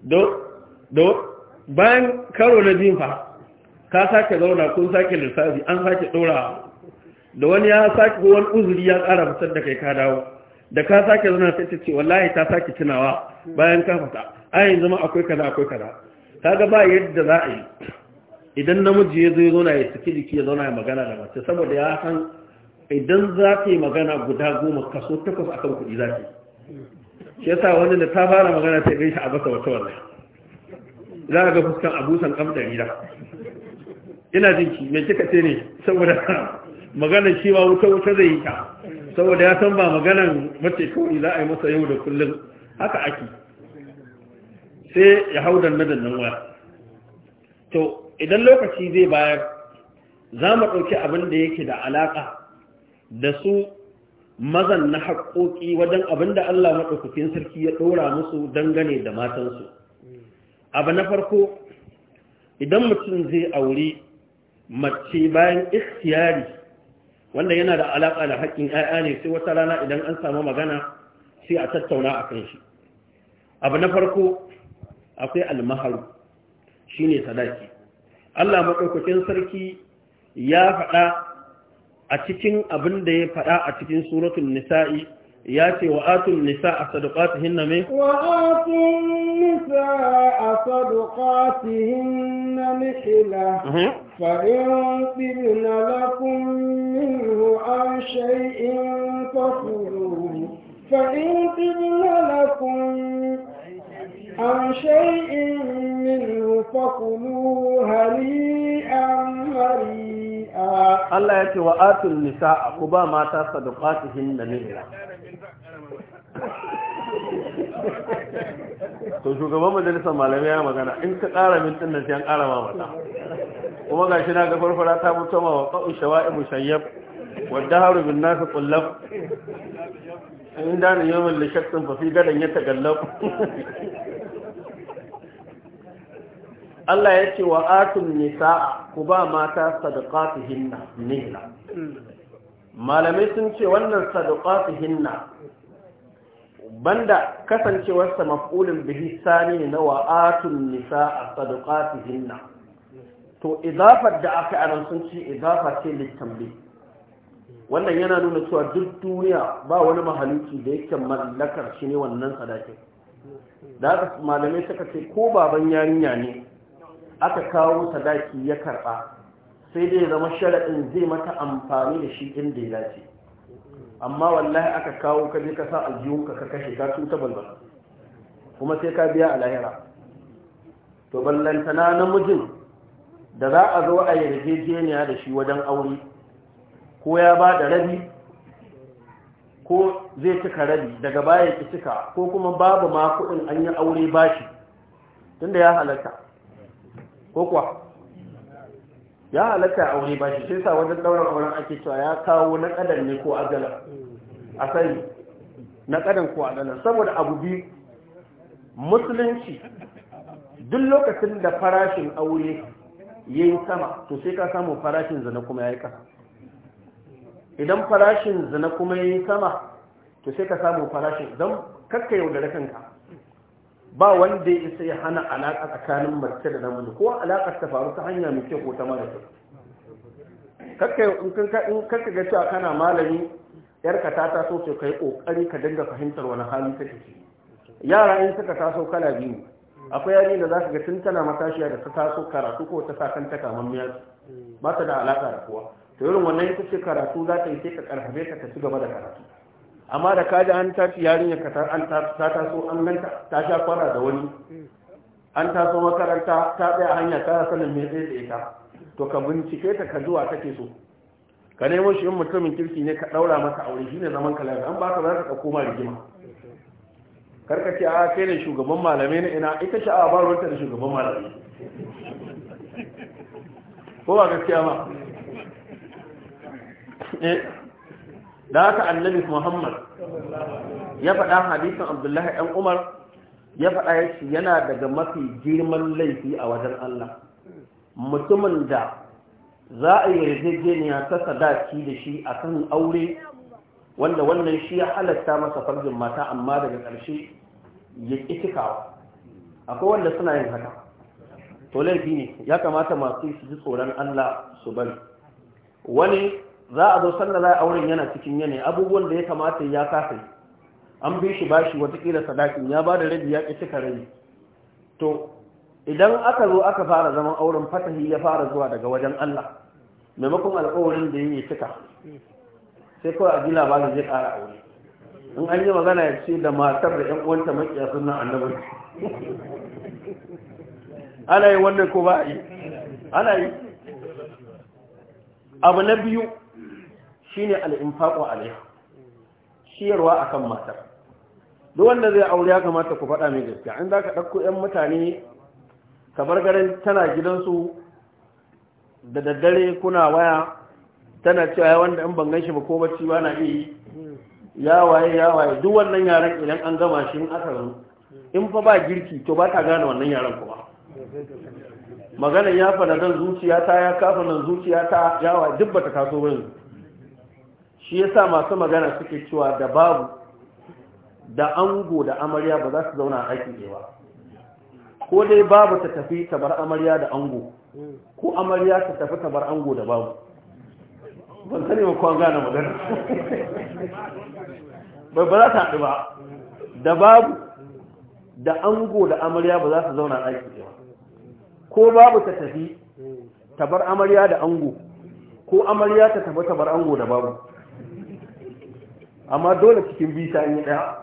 don bayan karo na jin fa ka sake zauna kun sake lissafi an sake ɗora da wani ya sake wani uzuri ya tsara fitar da kai ka dawo da ka sake zauna sai ta ce wallahi ta sake tunawa bayan ka fata a yanzu zama akwai kaza akwai kaza ga ba yadda za a yi idan namiji ya zai zo na ya saki jiki ya zauna ya magana da mace saboda ya san idan za ta yi magana guda goma kaso takwas a kan kuɗi za ta shi yasa wani da ta fara magana ta shi a basa wata wannan za a ga fuskan abusan kam da rida ina jin ki mai kika ce ne saboda maganar shi ma wuta wuta zai yi ta saboda ya san ba maganar mace kawai za a yi masa yau da kullum haka ake sai ya hau da nan waya to idan lokaci zai bayar za mu ɗauki abin da yake da alaƙa da su mazan na haƙoƙi wajen abin da Allah maɗaukakin sarki ya ɗora musu dangane da matansu abu na farko idan mutum zai auri mace bayan ikhtiyari wanda yana da alaƙa da haƙƙin 'ya'ya ne sai wata rana idan an samu magana sai a tattauna a kan shi abu na farko akwai almaharu shine sadaki Allah maɗaukakin sarki ya faɗa a cikin abin da ya faɗa a cikin suratun nisa'i ya ce wa atun nisa a sadukatu hinna mai?
wa atun nisa a sadukatu hinna mihila mhm. fa'in na lafin minhu an shai'in fasuru fa'in tsibina lafin عن شيء منه فكلوا هنيئا مريئا
الله يأتي وآتوا النساء قبا ما تصدقاتهن نهرا to shugaban majalisar malami ya magana in ka ƙara min ɗin nan sai an ƙara ma mata kuma ga shi na ga farfara ta mutu ma wa ƙa'u shawa'i musayyab wadda haru bin nasu kullab in da ni yawan lishaktin fa fi gadan ya tagallab Allah ya ce wa atun nisa'a ku ba mata sadaqatihinna nihla malamai sun ce wannan sadaqatihinna banda kasancewarsa maf'ulun bihi sani na wa atun nisa'a sadaqatihinna to idafar da aka aran sun ce idafa ce litambi wannan yana nuna cewa duk duniya ba wani mahalici da yake mallakar shi ne wannan sadakin da malamai suka ce ko baban yarinya ne aka kawo sadaki ya karɓa sai dai zama sharaɗin zai mata amfani da shi inda ya dace amma wallahi aka kawo ka je ka sa aljihun ka kashe ka tuta balbal kuma sai ka biya a lahira to ballantana namijin da za a zo a yarjejeniya da shi wajen aure ko ya ba da rabi ko zai cika rabi daga baya ki cika ko kuma babu ma kuɗin an yi aure bashi tunda ya halatta ko kuwa ya halatta a aure ba shi sai sa wajen ɗaurin auren ake cewa ya kawo na kadan ne ko azala a sani na ƙadan ko azala saboda abu biyu musulunci duk lokacin da farashin aure ya yi sama to sai ka samu farashin zina kuma ya yi ƙasa idan farashin zina kuma ya yi sama to sai ka samu farashin don kakka yaudare kanka ba wanda ya isa ya hana alaƙa tsakanin mace da namiji ko alaƙar ta faru ta hanya mai kyau ko ta mara kyau kakka in kakka ga cewa kana malami yarka ta taso ce kai kokari ka dinga fahimtar wani hali take ciki yara in suka taso kala biyu akwai yari da zaka ga tun tana matashiya da ta taso karatu ko ta sakan ta kaman miya ba ta da alaka da kowa to irin wannan ita ce karatu za ta yi sai ka karfafe ka ci gaba da karatu amma da ka ji an tashi yarinya ka an ta taso an ganta ta sha fara da wani an taso makaranta ta tsaya hanya ta sanin me zai tsaye ta to ka bincike ta ka zuwa take so ka nemo shi in mutumin kirki ne ka daura maka aure shine zaman ka lafiya an ba ka za ka koma rigima karka ce a kai ne shugaban malamai na ina ita sha'awa ba ruwanta da shugaban malamai ko ba gaskiya ma da haka annabi muhammad ya faɗa hadisin abdullahi ɗan umar ya faɗa ya ce yana daga mafi girman laifi a wajen allah mutumin da za a yi yarjejeniya ta sadaki da shi a kan aure wanda wannan shi ya halatta masa farjin mata amma daga ƙarshe ya ƙi cikawa akwai wanda suna yin haka to laifi ne ya kamata masu su ji tsoron allah su bari wani za a zo sanda za a auren yana cikin yane abubuwan da ya kamata ya kasa an bi shi bashi watakila sadakin ya ba da rabi ya ƙi cika rabi to idan aka zo aka fara zaman auren fatahi ya fara zuwa daga wajen Allah maimakon alƙawarin da yake cika sai kawai a ji labarin zai ƙara aure in an yi magana ya ce da matar da 'yan uwanta makiya sunan annabi
ana yi wannan ko ba yi ana yi
abu na biyu shine al-infaqu alaiha ciyarwa akan matar duk wanda zai aure ya kamata ku faɗa mai gaskiya an zaka ɗauko 'yan mutane kabar garin tana gidansu da daddare kuna waya tana cewa wanda in ban ganshi ba ko bacci ba na iya ya waye ya waye duk wannan yaran idan an gama shi in aka zo in fa ba girki to ba ta gane wannan yaran kuma maganar ya fada zan zuciya ta ya kafa nan zuciya ta yawa duk bata taso ba yanzu shi yasa masu magana suke cewa da babu da ango da amarya ba za su zauna a haƙi ba ko dai babu ta tafi ta bar amarya da ango ko amarya ta tafi ta bar ango da babu ban sani ba kwan gane magana
*laughs*
ba ba za ta haɗu ba da babu da ango da amarya ba za su zauna a haƙi ba ko babu ta tafi ta bar amarya da ango ko amarya ta tafi ta bar ango da babu amma dole cikin bisa ta yi ɗaya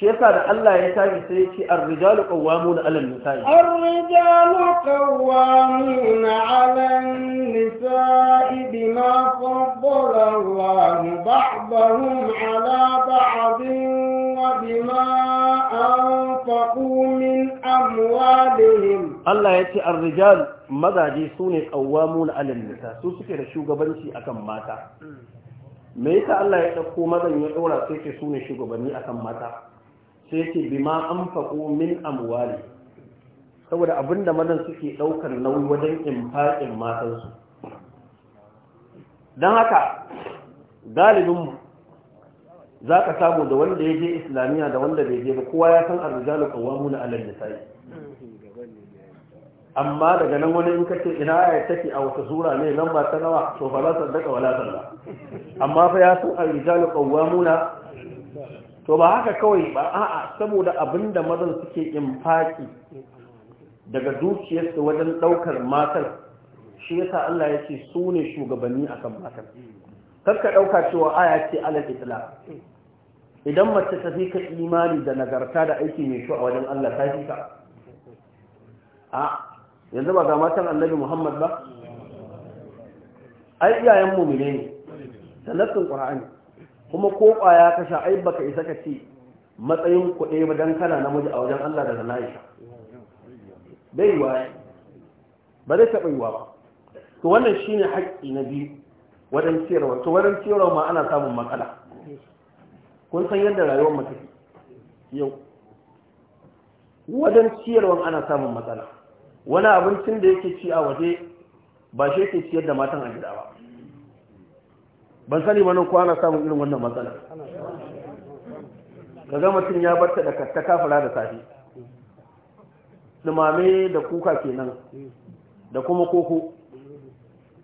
shi yasa da Allah ya tashi sai ya ar-rijalu qawwamuna 'ala an-nisaa
ar-rijalu qawwamuna 'ala an-nisaa bima faddala Allahu ba'dahum 'ala ba'din wa bima anfaqu min amwalihim
Allah ya ce ar-rijalu mazaje sune qawwamuna 'ala an-nisaa su suke da shugabanci akan mata me yasa Allah ya dauko mazan ya dora sai ce sune shugabanni akan mata sai ce bima an faƙo min amwali saboda abinda mazan suke ɗaukar nauyi wajen infaƙin matansu don haka galibin za ka samu da wanda ya je islamiyya da wanda bai je ba kowa ya san arzijalu kawamu na alal nisa'i amma daga nan wani in ka ina ya take a wata sura ne nan ba ta nawa to fa la saddaka wala salla amma fa ya san al-rijalu qawwamuna to ba haka kawai ba a'a saboda abinda mazan suke infaki daga dukiyarsu wajen daukar matar shi yasa Allah ya ce su ne shugabanni akan matar kar ka dauka cewa aya ce alal islam idan mace ta ka imani da nagarta da aiki mai kyau a wajen Allah ta fi ka a yanzu ba ga matan annabi muhammad ba ai iyayen mumine ne da nassin qur'ani kuma ko kwaya ka sha ai baka isa ka ce matsayin kuɗe ba dan kana namiji a wajen Allah da zalaisha bai wa ba zai taɓa wa ba to wannan shi ne haƙƙi na biyu wajen ciyarwa to wajen ciyarwa ma ana samun matsala kun san yadda rayuwar mu take yau wajen ciyarwa ana samun matsala wani abincin da yake ci a waje ba shi yake ciyar da matan a gida ba ban sani mana kwana na samun irin wannan matsala ka ga mutum ya barta da ta kafara da safe dumame da kuka kenan da kuma koko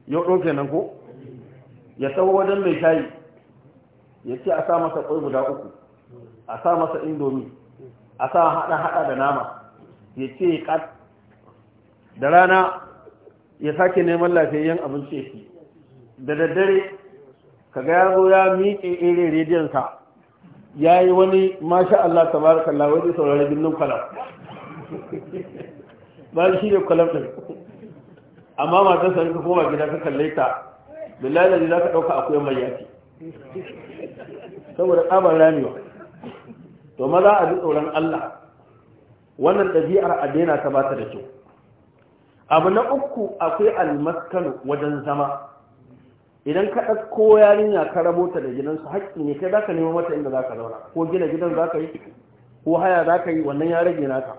yau ɗauke nan ko ya tsawo wajen mai shayi ya ce a sa masa ƙwai guda uku a sa masa indomi a sa haɗa haɗa da nama ya ce da rana ya sake neman lafiyayyen abinci da daddare ka ga ya zo ya miƙe irin rediyonsa ya yi wani masha Allah ta tabarakallah wani saurari birnin kwalam *laughs* ba shi ne kwalam ɗin amma matar sa ka koma gida ka kalle ta billahi da za ka ɗauka akwai mai yaki saboda tsabar ramiwa, to maza a ji tsoron Allah wannan ɗabi'ar a daina ta ba ta da kyau abu na uku akwai almaskanu wajen zama idan ka ɗauko yarinya ka rabo ta da gidansu haƙƙi ne kai ka nemo mata inda ka zauna ko gina gidan za ka yi ko haya za ka yi wannan ya rage naka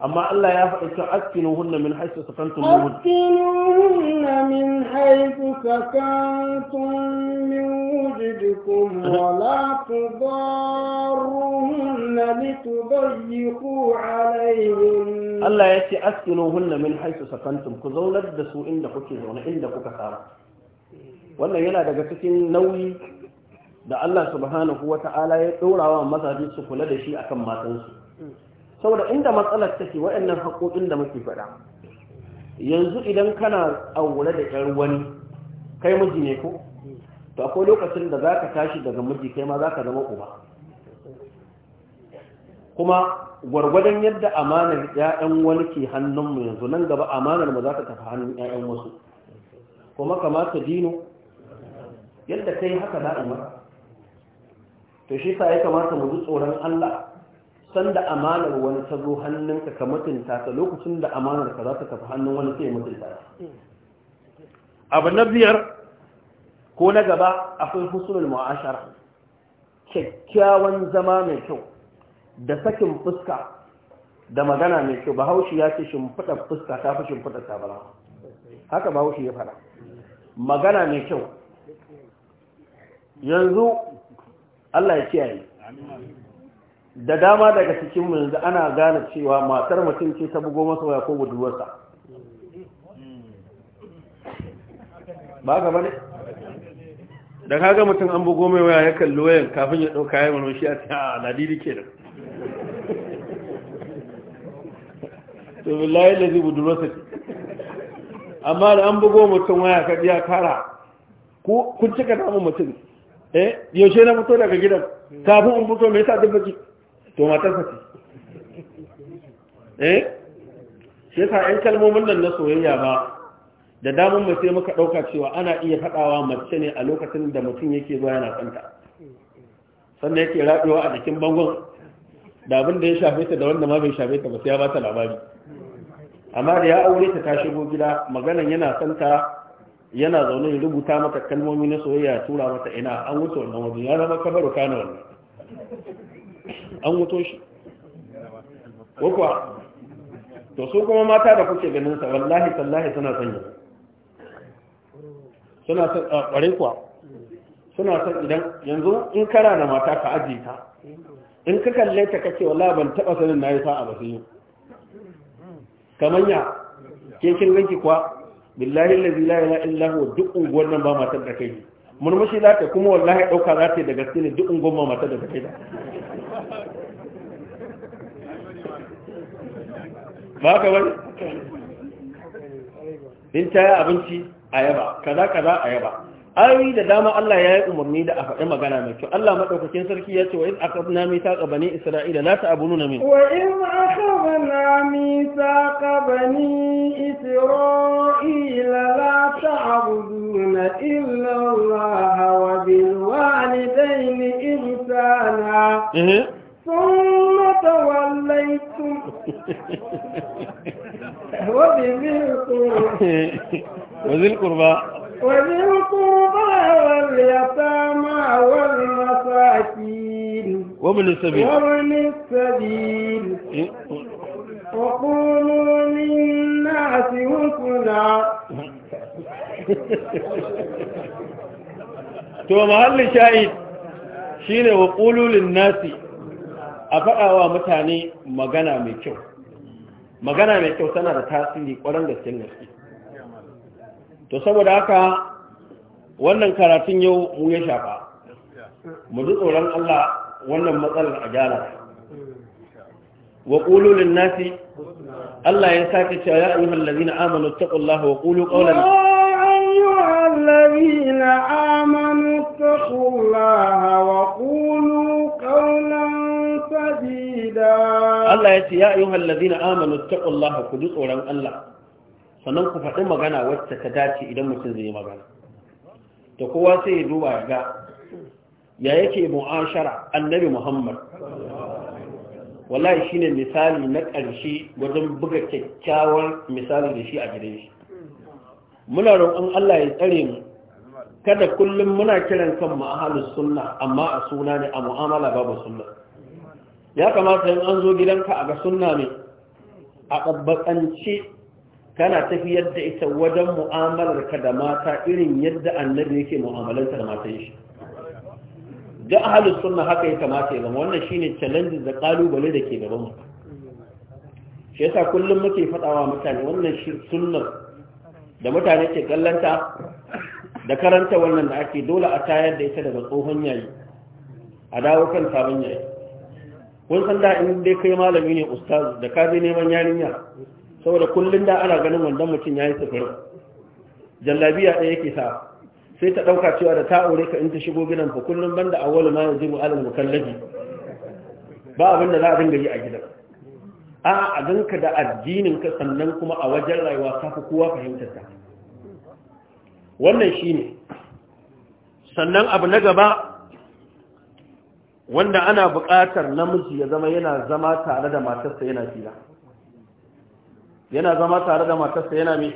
amma Allah ya faɗa cewa askinuhunna min haythu sakantum min
askinuhunna min haythu sakantum min wujudikum wa la tudarruhunna litudayyiqu alayhim Allah
ya ce askinuhunna min haythu sakantum ku zaunar da su inda kuke zaune inda kuka saba wannan yana daga cikin nauyi da Allah subhanahu wata'ala ya ɗora wa mazaje su kula da shi akan matansu saboda inda matsalar take waɗannan haƙoƙin da muke faɗa yanzu idan kana aure da ƴar wani kai miji ne ko to akwai lokacin da zaka tashi daga miji kai ma zaka zama uba kuma gwargwadon yadda amanar ƴaƴan wani ke hannunmu yanzu nan gaba amanar mu za tafi hannun ƴaƴan wasu kuma kamata dino yadda kai haka da'ima to shi sa ya kamata mu ji tsoron Allah da amanar wani ta zo hannunka ka mutunta ta lokacin da amanar ka za ta tafi hannun wani sai mutunta ta abu na biyar ko na gaba akwai husnul mu'ashara kyakkyawan zama mai kyau da sakin fuska da magana mai kyau bahaushe ya ce shimfiɗar fuska ta fi shimfiɗar tabara haka bahaushe ya faɗa magana mai kyau yanzu Allah ya kiyaye da dama daga cikin mu yanzu ana gane cewa matar mutum ce ta bugo masa waya ko budurwarsa ba gaba ne da kaga mutum an bugo mai waya ya kalli wayan kafin ya ɗauka ya mano shi a ce ah, ladidi ke da to billahi lazi budurwarsa ce amma da an bugo mutum waya ka biya kara kun cika damun mutum eh yaushe na fito daga gidan kafin in fito me yasa duk to matarsa ce eh shi yasa ɗan kalmomin nan na soyayya ba da damun mu sai muka ɗauka cewa ana iya faɗawa mace ne a lokacin da mutum yake zuwa yana santa sannan yake raɗewa a jikin bangon da abin da ya shafe ta da wanda ma bai shafe ta ba sai ya ba ta labari amma da ya aure ta ta shigo gida maganan yana santa yana zaune ya rubuta mata kalmomi na soyayya tura mata ina an wuce wannan waje ya zama kabaru kana
wannan
an wuto shi ko kuwa to su kuma mata da kuke ganin sa wallahi sallahi suna sanya suna san kware kuwa suna san idan yanzu in kara da mata ka aje ta in ka kalle ta kace wallahi ban taba sanin nayi sa'a ba sai kamanya ke kin ganki kuwa billahi allazi la ilaha illa huwa duk unguwar nan ba matar da kai murmushi za ta kuma wallahi ɗauka za ta yi da gaske ne duk goma mata da kai da ba ka wani in ta yi abinci a yaba kaza kaza a yaba ayoyi da dama Allah ya yi umarni da a faɗi magana mai kyau Allah maɗaukakin sarki ya ce wa in iz akhadna mithaqa bani isra'ila la ta'buduna min
wa in iz akhadna mithaqa bani isra'ila la ta'buduna illa Allah wa bil walidayni ihsana ثم توليتم
وبذي القربى
وذي القربى واليتامى والمساكين
وابن السبيل
وابن السبيل وقولوا للناس حسنا
to
mahallin shahid shine wa qululin nasi a faɗawa mutane magana mai kyau magana mai kyau tana da tasiri ƙwarar gaskiyar gaske to saboda haka wannan karatun yau mu ya shafa mu ji tsoron Allah wannan matsalar a gyara wa qulu lin nasi Allah ya sake cewa ya ayyuhal ladina amanu taqullaha wa qulu qawlan Amanu
الذين آمنوا اتقوا الله وقولوا Allah
ya ce يا أيها الذين آمنوا اتقوا ku كدوس tsoron Allah. sannan ku faɗi magana wacce ta dace idan mutum zai yi magana da kowa sai ya duba ya ga ya yake mu'ashara annabi muhammad wallahi shine misali na ƙarshe wajen buga kyakkyawar misali da shi a gidan shi muna roƙon Allah ya tsare mu kada kullum muna kiran kan mu ahlus sunna amma a suna ne a mu'amala babu sunna ya kamata in an zo gidanka a ga sunna ne a tabbakance kana tafiyar da ita wajen mu'amalar ka da mata irin yadda annabi yake mu'amalanta da matan shi da ahli sunna haka ya kamata ya zama wannan shine challenge da kalubale da ke gaban mu shi yasa kullum muke fadawa mutane wannan shi sunna da mutane ke kallanta da karanta wannan da ake dole a tayar da ita daga tsohon yayi a dawo kan sabon yayi kun san da in dai kai malami ne ustaz da ka je neman yarinya saboda kullum da ana ganin wandon mutum ya yi sufurin jallabiya ɗaya yake sa sai ta ɗauka cewa da ta aure ka in ta shigo gidan fa kullum banda awwalu ma yajibu alal mukallafi ba abin da za a dinga yi a gidan a a ganka da addinin ka sannan kuma a wajen rayuwa ka fi kowa fahimtar ta wannan shine sannan abu na gaba wanda ana buƙatar namiji ya zama yana zama tare da matarsa yana jira. yana zama tare da matarsa yana mai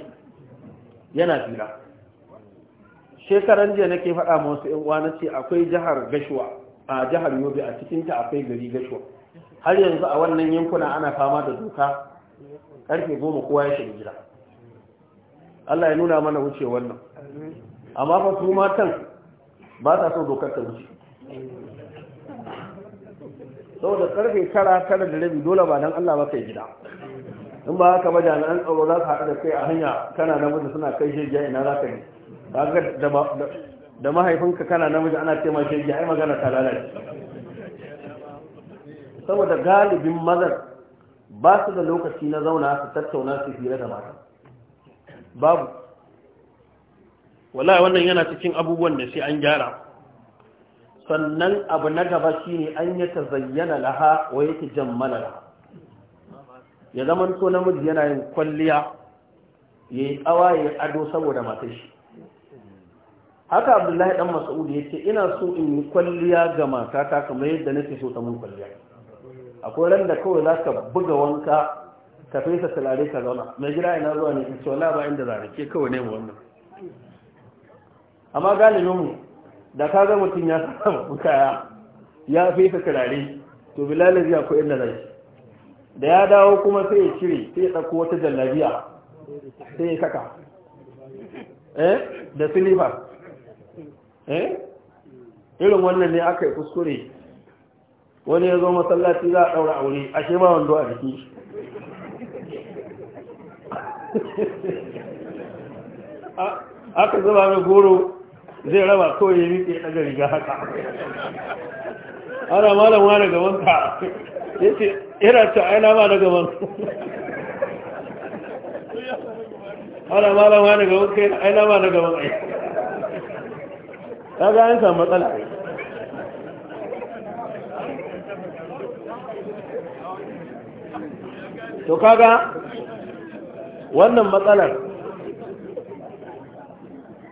yana fira shekaran jiya nake faɗa ma wasu uwa na ce akwai jihar gashuwa a jihar yobe a cikinta akwai gari gashuwa har yanzu a wannan yankuna ana fama da doka karfe goma kowa ya shiga gida Allah ya nuna mana wuce wannan amma fa su matan ba ta so dokar ta wuce saboda karfe kara, tara da rabi dole ba don Allah ba kai gida in ba haka ba jami'an tsaro za su haɗu da kai a hanya kana namiji suna kai shegiya ina za ka yi da mahaifinka kana namiji ana ce ma ai magana ta lalace saboda galibin mazar ba su da lokaci na zauna su tattauna su hira da mata babu wala wannan yana cikin abubuwan da sai an gyara sannan abu na gaba shine an yi ta zayyana laha wa yake jammala laha ya zama ko namiji yana yin kwalliya ya yi tsawa ya yi ado saboda matar shi haka abdullahi dan masaudi ya ce ina so in yi kwalliya ga matata kamar yadda nake so ta mun kwalliya akwai ran da kawai za ka buga wanka ka fesa tulare ka zauna mai gida ina zuwa ne in ce wala ba inda zare ke kawai ne mu wannan amma mu da ka ga mutum ya saba *laughs* kaya ya fesa turare to zai akwai inda zai da ya dawo kuma sai ya cire sai ya ɗauko wata jallabiya sai ya kaka eh da silifar eh irin wannan ne aka yi kuskure wani ya zo masallaci za a ɗaura aure ashe ba wando a jiki aka zuba mai goro zai raba kawai ya miƙe ɗaga riga haka ana malamwa daga wanka. ya ce ira ta aina ma daga na gaban ana malama na gaban kai aina ma na gaban ai
ta ga an samu matsala to kaga
wannan matsalar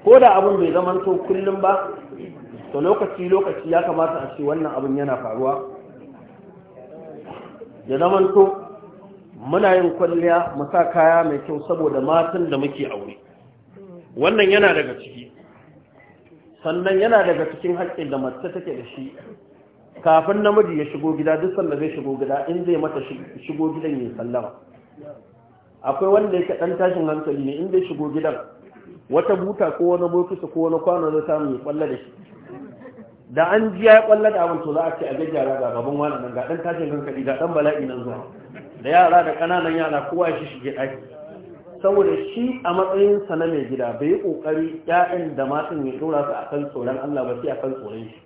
ko da abin bai zamanto kullum ba to lokaci lokaci ya kamata a ce wannan abin yana faruwa ya zamanto muna yin kwalliya mu sa kaya mai kyau saboda matan da muke aure wannan yana daga ciki sannan yana daga cikin haƙƙin da mace take da shi kafin namiji ya shigo gida duk sanda zai shigo gida in zai mata shigo gidan ya sallama akwai wanda yake ɗan tashin hankali ne in zai shigo gidan wata buta ko wani bokisa ko wani kwano zai samu ya kwalla da shi da an ji ya kwallo da abin to za a ce a gajjara ga gaban wani nan ga dan tashin hankali ga dan bala'i nan zuwa da yara da kananan yara kowa shi shige daki saboda shi a matsayin sa na mai gida bai yi kokari ƴaƴan da matan ya dora su akan tsoron Allah ba sai akan tsoron shi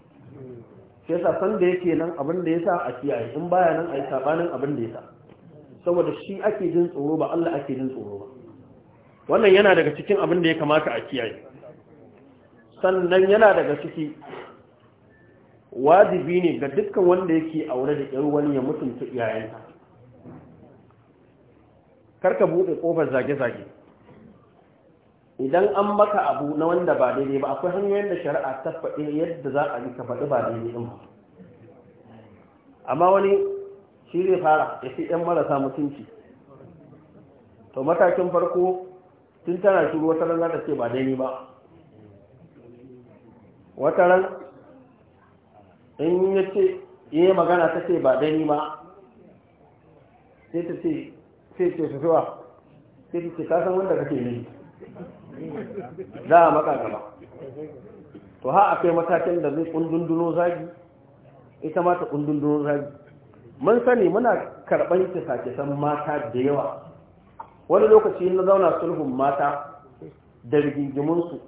sai yasa san da yake nan abin da yasa a kiyaye in baya nan ai sabanin abin da yasa saboda shi ake jin tsoro ba Allah ake jin tsoro ba wannan yana daga cikin abin da ya kamata a kiyaye sannan yana daga ciki wajibi ne ga dukkan wanda yake aure da ƴar wani ya mutunta iyayenta karka buɗe ƙofar zage-zage idan an maka abu na wanda ba daidai ba akwai hanyoyin da shari'a ta faɗi yadda za a yi ka faɗi ba daidai ɗin amma wani shi zai fara ya fi ‘yan marasa mutunci to matakin farko tun tana shuru wata ran za ce ba daidai ba wata ran in ya ce ya yi magana ta ce ba dani ba sai ta ce sai ce su zuwa sai ta ce ka san wanda kake ne
za a maka gaba
to ha akwai matakin da zai kundunduno zagi ita ma ta kundunduno zagi mun sani muna karɓar kisa san mata da yawa wani lokaci na zauna sulhun mata da rigingimunsu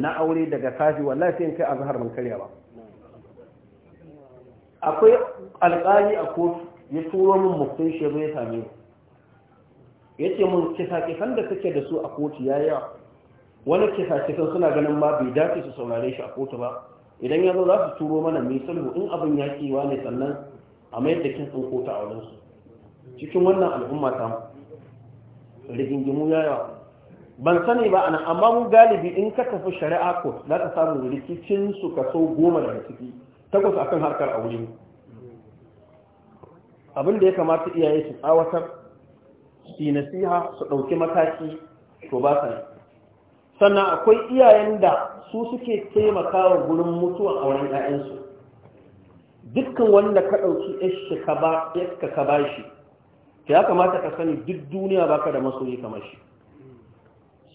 na aure daga safi wallahi sai in kai azhar mun karya ba akwai alƙali a kotu ya turo min muktin shi ya same ya ce mun kisa-kisan da kake da su a kotu ya yawa wani kisa-kisan suna ganin ma bai dace su saurare shi a kotu ba idan ya zo za su turo mana mai sulhu in abin ya kewa ne sannan a mayar da kin kotu a wurinsu cikin wannan al'umma ta rigingimu ya yawa ban sani ba ana amma mun galibi in ka tafi shari'a ko za ka samu rikicin su kaso goma da ciki takwas akan harkar aure abin da ya kamata iyaye su tsawatar su yi nasiha su ɗauki mataki to ba sa sannan akwai iyayen da su suke taimakawa gurin mutuwa a wani 'ya'yansu dukkan wanda ka ɗauki yadda ka ba shi ya kamata ka sani duk duniya ba ka da masoyi kamar shi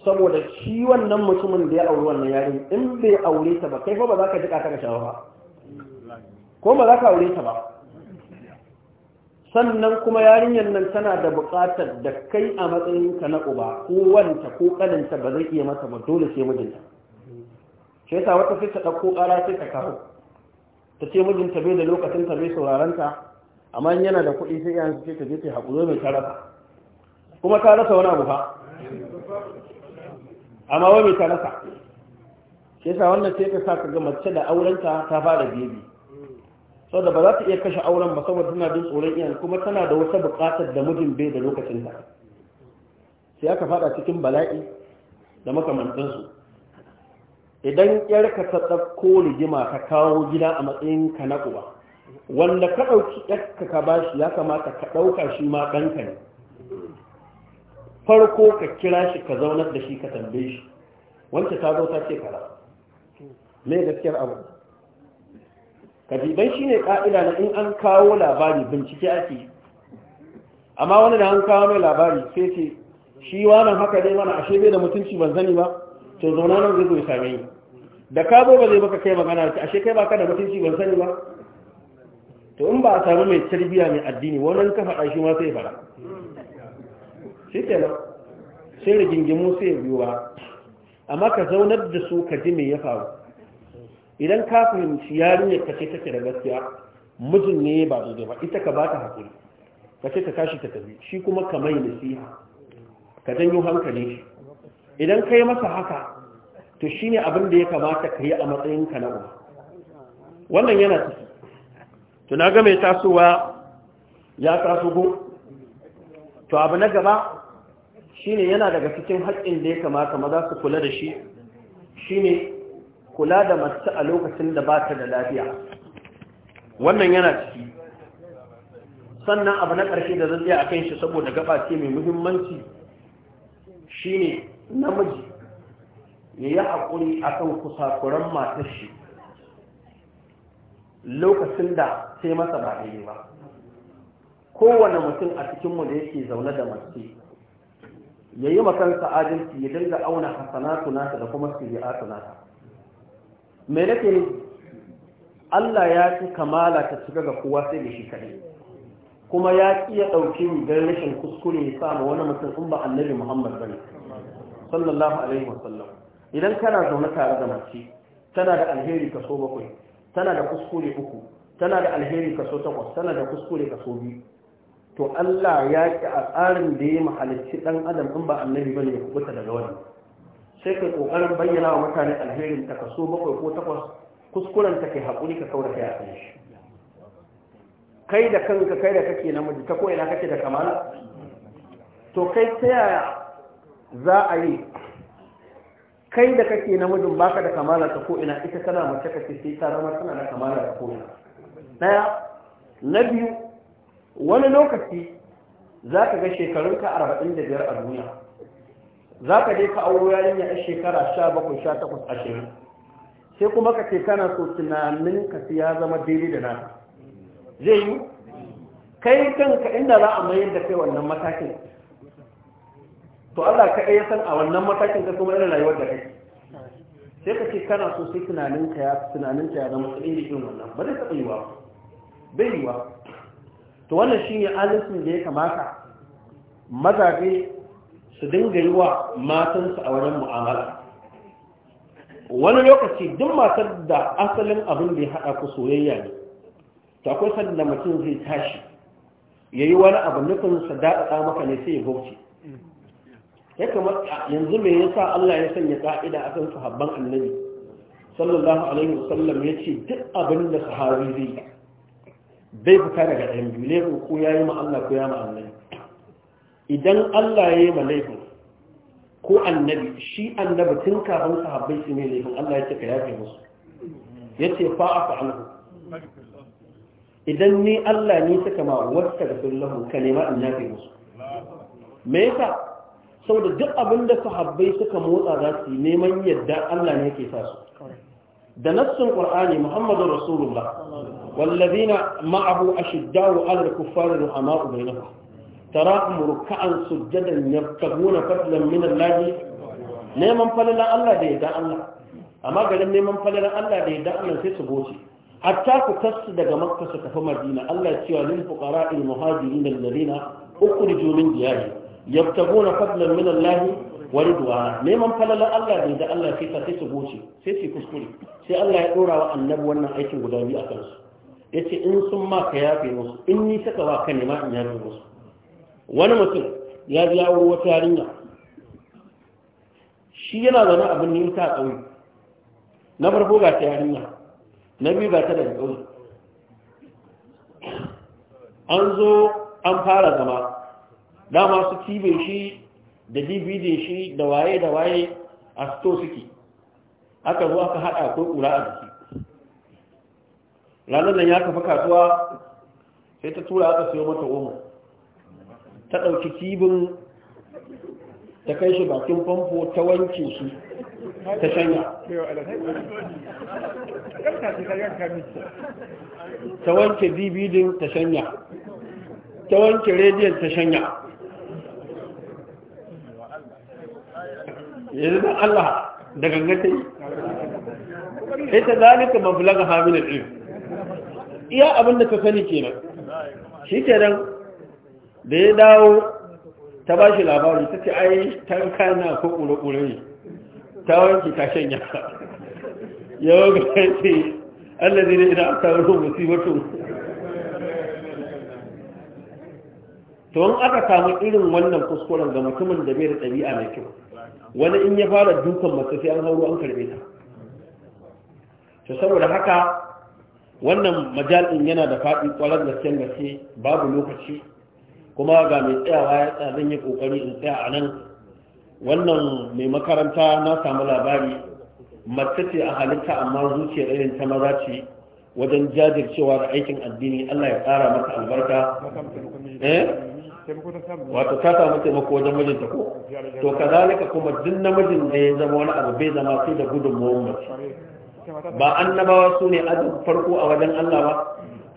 saboda shi wannan mutumin da ya auri wannan yarin in bai aure ta ba kai ba ba za ka jika ta ga shawa ko ba za ka aure ta ba sannan kuma yarinyar nan tana da buƙatar da kai a matsayinka na uba ko wanta ko kaninta ba zai iya mata ba dole sai mijinta shi yasa wata sai ta ɗauko ƙara sai ta kawo ta ce mijinta bai da lokacin ta bai sauraron ta amma yana da kuɗi sai iyayen sai ce ta je ta haƙuri mai ta kuma ta rasa wani abu fa amma wani mai ta rasa shi yasa wannan sai ta sa ka ga mace da aurenta ta fara bebi saboda ba za ta iya kashe auren ba saboda tana jin tsoron iyayen kuma tana da wata buƙatar da mijin bai da lokacin ta sai aka fada cikin bala'i da makamantansu idan yarka ta ɗauko rigima ka kawo gida a matsayin ka na uba wanda ka ɗauki yarka ka bashi ya kamata ka ɗauka shi ma ɗanka ne farko ka kira shi ka zaunar da shi ka tambaye shi wancan ta zo ta ce kaza me gaskiyar abu shi shine ka'ida na in an kawo labari bincike ake amma wani da an kawo mai labari sai ce shi wannan haka dai mana ashe bai da mutunci ban sani ba to zauna nan zai zo ya same ni da ka zo ba zai maka kai magana ce ashe kai baka da mutunci ban sani ba to in ba a samu mai tarbiya mai addini wannan ka faɗa shi ma sai fara. shi nan sai rigingimu sai biyo ba amma ka zaunar da su ka ji me ya faru idan ka fahimci yarinyar ka ce take da gaskiya mijin ne ba daidai ba ita ka ba ta haƙuri ka ce ka tashi ta tafi shi kuma ka mai nasiha ka janyo hankali idan ka yi masa haka to shi ne abin da ya kamata ka yi a matsayinka na uwa wannan yana ciki to na ga mai tasowa ya taso go to abu na gaba shine yana daga cikin haƙƙin da ya kamata maza su kula da shi shine kula da mace a lokacin da ba ta da lafiya wannan yana ciki sannan abu na ƙarshe da zan a kan shi saboda gaba ce mai muhimmanci shine namiji ya yi haƙuri a kan kusakuran matar shi lokacin da sai masa ba daidai ba kowane mutum a cikinmu da yake zaune da mace ya yi makansa adalci ya dinga auna hasanatu nata da kuma siri'atu nata Mai nake Allah ya ci kamala ta cika ga kowa sai da shi kaɗai kuma ya ƙi ya ɗauki ni don rashin kuskure ya samu wani mutum in ba annabi Muhammad bane sallallahu alaihi wasallam idan kana zaune tare da mace tana da alheri kaso bakwai tana da kuskure uku tana da alheri kaso takwas tana da kuskure kaso biyu to Allah ya ƙi a tsarin da ya mahalicci dan adam in ba annabi bane ya kubuta daga wannan sai ka kokarin bayyana wa mutane alherin ta kaso bakwai ko takwas kuskuren ta haƙuri ka kaura ya a shi kai da kanka kai da kake namiji ta ko'ina kake da kamala to kai ta yaya za a yi kai da kake namijin baka da kamala ta ko'ina ita tana mace kake sai ta rama tana da kamala ta ko'ina ɗaya na biyu wani lokaci za ka ga shekarunka arba'in da biyar a duniya za ka dai ka auro yayin ya shekara sha bakwai sha takwas ashirin sai kuma ka ce kana so tunanin ka ya zama daidai da naka zai yi kai kanka inda za a mayar da kai wannan matakin to Allah ka ya san a wannan matakin ka kuma irin rayuwar da kai sai ka ce kana so sai tunanin ka ya tunanin ka ya zama da irin wannan ba zai taɓa yiwa bai yiwa to wannan ne alisun da ya kamata mazaje su dinga yi wa matansu a wajen mu'amala wani lokaci duk matar da asalin abin da ya haɗa ku soyayya ne ta akwai sanda mutum zai tashi ya yi wani abu nufin sa daɗaɗa maka ne sai ya bauce ya kamata yanzu me yasa Allah ya sanya ƙa'ida a kan sahabban annabi sallallahu alaihi wasallam ya ce duk abin da sahabi zai bai fita daga ɗan biyu ne ko ya yi ma Allah ko ya ma annabi idan Allah ya yi ma laifin ko annabi shi annabi tun kafin sahabbai su ne laifin Allah ya ce ka yafe musu ya ce fa'afa anhu idan ni Allah ni suka ma wasta da sullahu ka nema in yafe musu me yasa saboda duk abin da sahabbai suka motsa za su neman yadda Allah ne yake sa su da nassin qur'ani muhammadur rasulullah والذين معه أشداء على الكفار رحماء بينهم mu ruk'an sujadan yabtaguna fadlan min Allah neman falalan Allah da ya Allah amma garin neman falalan Allah da yadda Allah sai su goce hatta ku daga makka su tafi madina Allah cewa lil fuqara al muhajirin alladhina ukhriju min diyari yabtaguna fadlan min Allah wa ridwana neman falalan Allah da da Allah sai su goce sai su kuskure sai Allah ya dora wa annabi wannan aikin guda biyu a kansu yace in sun ma ka yafe musu in ni saka wa ka nema in yafe musu wani mutum ya ji yawon wata yarinya shi yana zaune abin ne ta ƙauye na farko ga ta yarinya na biyu ga ta da ƙauye an zo an fara zama dama su tibe shi da dvd shi da waye da waye a sto suke aka zo aka haɗa akwai ƙura a jiki ranar nan ya kafa kasuwa sai ta tura aka siyo mata omar ta ɗauki kibin ta kai shi bakin famfo ta wanke shi ta shanya ta wanke dividin ta shanya
ta wanke rediyon ta shanya yanzu da Allah da gangata yi ita zalika
laga hamilin ɗin iya abinda ka sani kenan shi kenan da ya dawo ta ba shi labari ta ce ai tanka na ko ƙure-ƙure ne ta wanki ta shanya yau ga ya ce allah zai da ina a taruhu to don aka samu irin wannan kuskuren ga mutumin da bai da ɗabi'a mai kyau wani in ya fara dukan masu sai an hauro an karbe ta to saboda haka wannan majalin yana da faɗi ƙwarar gaskiyar gaske babu lokaci kuma ga mai tsayawa ya tsaya yi kokari in tsaya a nan wannan mai makaranta na samu labari mace a halitta amma zuciyar irin ta maza ce wajen jajircewa da aikin addini Allah ya ƙara mata albarka eh?
wato ta samu taimako wajen mijinta ko to kazalika kuma
duk namijin da ya zama wani abu bai zama sai da gudun mace ba annabawa su ne a farko a wajen Allah ba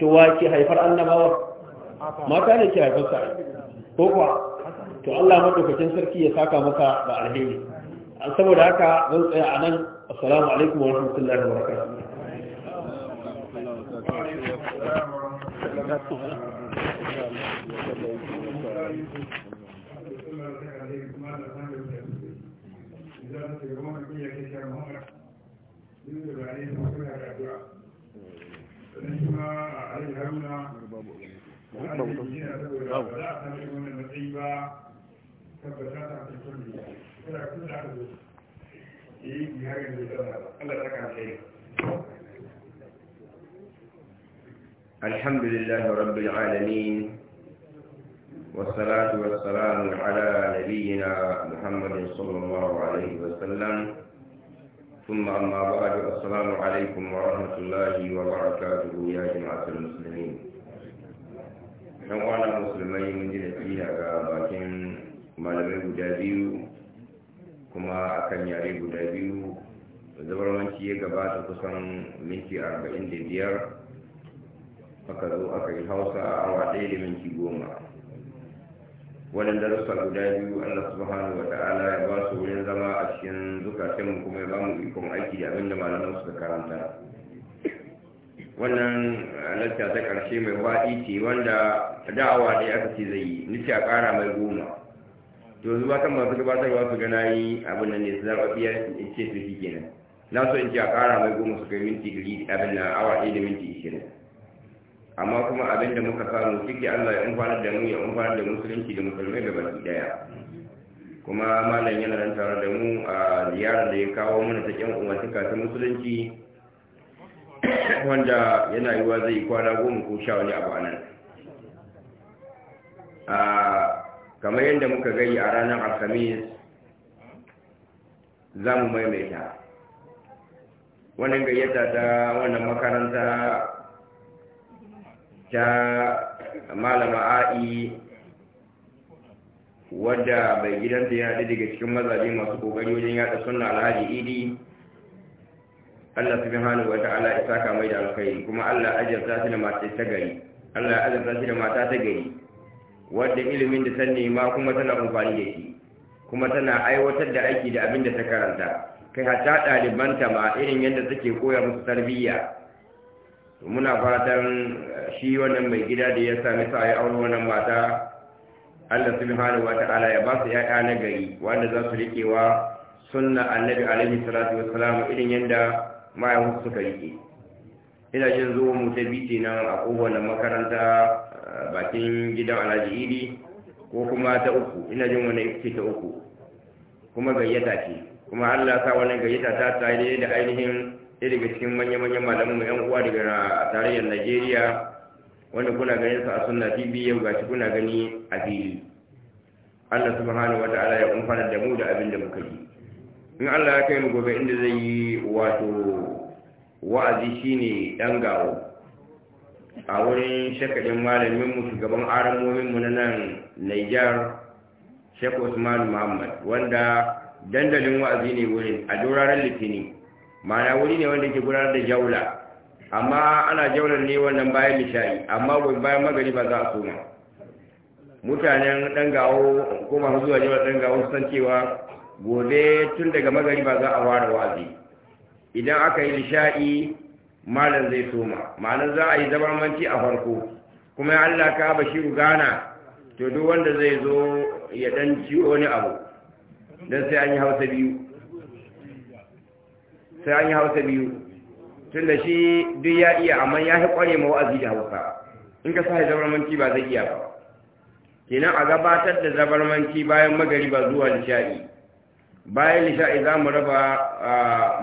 to wa ke haifar annabawa mata ne ke haifarsa ko kuwa to Allah maɗaukacin sarki ya saka masa da alheri saboda haka zan tsaya a nan assalamu alaikum wa rahmatullahi wa barakatuh
Thank you. الحمد لله
رب العالمين والصلاة والسلام على نبينا محمد صلى الله عليه وسلم ثم أما بعد السلام عليكم ورحمة الله وبركاته يا جماعة المسلمين yan kwana musulmai mun ji nasiha daga bakin malamai guda biyu kuma akan yare guda biyu zabarmanci ya gabata kusan minti arba'in da biyar aka zo aka yi hausa a awa ɗaya da minti goma wannan darussa guda biyu allah subhanahu wa ta'ala ya ba su wurin zama a cikin zukatanmu kuma ya ba mu ikon aiki da abinda malaman suka karanta wannan halatta ta ƙarshe mai waɗi ce wanda da'awa da aka ce zai yi nishi a ƙara mai goma to zuwa kan masu gabatarwa su gana yi abin nan ne su zaɓa fiye in ce su shi kenan na so in ce a ƙara mai goma su kai minti gari abin na awa ɗaya da minti ishirin amma kuma abin da muka samu ciki allah ya umfanar da mu ya umfanar da musulunci da musulmai da baki ɗaya kuma malam yana nan tare da mu a ziyarar da ya kawo mana ta ƙyan umartuka ta musulunci wanda yana yiwuwa zai kwana goma ko sha wani abu anan a kamar yadda muka gani a ranar alhamis za mu maimaita wannan gayyata ta wannan makaranta ta malama a'i wadda bai gidanta ya daga cikin mazaje masu ƙoƙari wajen yaɗa sunna alhaji idi Allah subhanahu wa ta'ala ya saka mai da alkhairi kuma Allah ajabta shi da mata ta gari Allah ajabta shi da mata ta gari wanda ilimin da sanne ma kuma tana amfani da shi kuma tana aiwatar da aiki da abin da ta karanta kai hatta ta ma irin yadda take koya musu tarbiyya muna fatan eh, shi wannan mai gida da ya sami sa ya auri wannan mata Allah subhanahu ta'ala ya ba su ƴaƴa na gari wanda za su riƙewa sunna annabi alaihi salatu Salam irin yadda mayan suka rike ina jin zo mu ta ce nan a kowane makaranta bakin gidan alhaji idi ko kuma ta uku ina jin wani ita ta uku kuma gayyata ce kuma allah sa wani gayyata ta tare da ainihin iri daga cikin manya-manyan malamu mu 'yan uwa daga tarayyar najeriya wanda kuna ganin sa a sunna tv yau gashi kuna gani a fili allah subhanahu wa ta'ala ya umfana da mu da abin da muka yi in Allah ya kai mu gobe inda zai yi wato wa'azi shine dan gawo a wurin shakadin malamin mu shugaban aramomin mu na nan Niger Sheikh Usman Muhammad wanda dandalin wa'azi ne wurin a duraren litini mana wuri ne wanda ke gudanar da jaula amma ana jaular ne wannan bayan misali amma gobe bayan magari ba za a koma mutanen dangawo kuma zuwa jaular gawo san cewa gobe tun daga magariba za a fara wazi idan aka yi lisha'i malam zai soma ma'anar za a yi zamanci a farko kuma Allah ka shi gana to duk wanda zai zo ya dan ciwo wani abu don sai an yi hausa biyu sai an yi hausa biyu tun da shi duk ya iya amma ya fi kware ma wa'azi da hausa in ka sa zabarmanci ba zai iya ba kenan a gabatar da zabarmanci bayan magariba zuwa nishaɗi bayan lisha'i za mu raba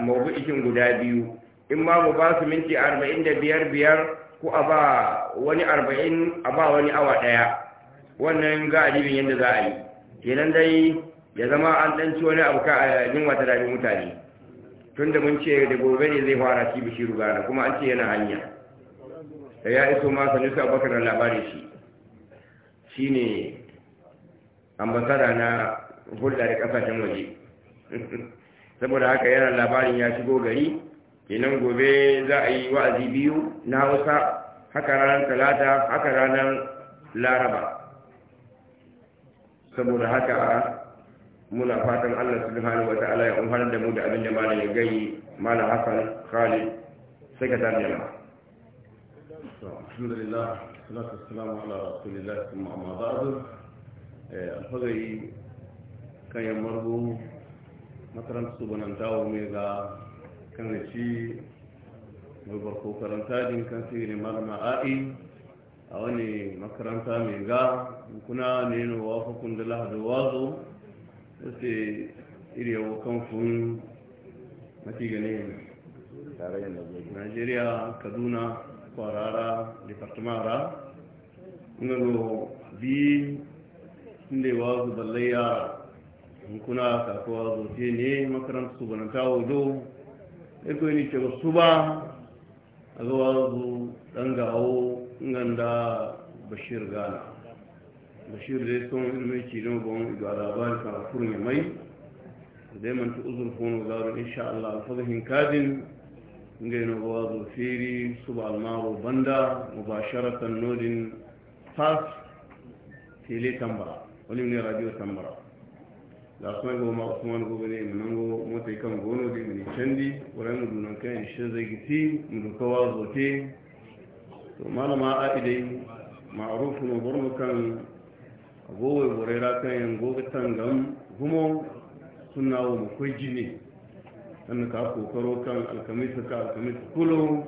mabu'ikin guda biyu in ma mu ba su minti arba'in da biyar biyar ko a ba wani arba'in a ba wani awa ɗaya wannan ga adibin yadda za a yi kenan dai ya zama an ɗanci wani abu ka yin wata dami mutane tun da mun ce da gobe ne zai fara ci bishi rugana kuma an ce yana hanya da ya iso ma a abubakar labarin shi shine ambasada na hulɗa da ƙasashen waje *laughs* saboda haka yana labarin ya shigo gari kenan gobe za a yi wa'azi biyu na hausa haka ranar talata haka ranar laraba saboda haka muna fatan allah subhanahu wa ta'ala ya umar da mu da abin da malam ya gayi malam hassan khalid sai ka tafi ma
kan yammar gomu makaranta su banantawa ne ga kan ci mai barko karanta din kan su ne malama a'i a wani makaranta mai ga kuna ne na wa hukun da lahadu wazo wasu iri yawon kan fun mafi gane najeriya kaduna kwarara departamara ngano bi inda wazo balle yara in kuna kasuwa zoce ne makarantar su bananta wajo kai ni ce su ba a zuwa zu dan gawo da bashir gana bashir dai sun ilmi ci don bon ga labarin kan furin mai dai man ta uzur funu garu sha Allah fadhin kadin ngeno wazo firi ba almaro banda mubasharatan nodin Fas, tele tambara wani ne radio tambara lasmango ma usman go bane munango motai kan gono bi mun candi wuran mun nan kan shin zagiti mun kawa zote to malama aidai ma'ruf mun burmu kan gowe ra kan yan goga tangam gumo sunna wa mu koy jini an ka kokaro kan alkamis ka alkamis kulo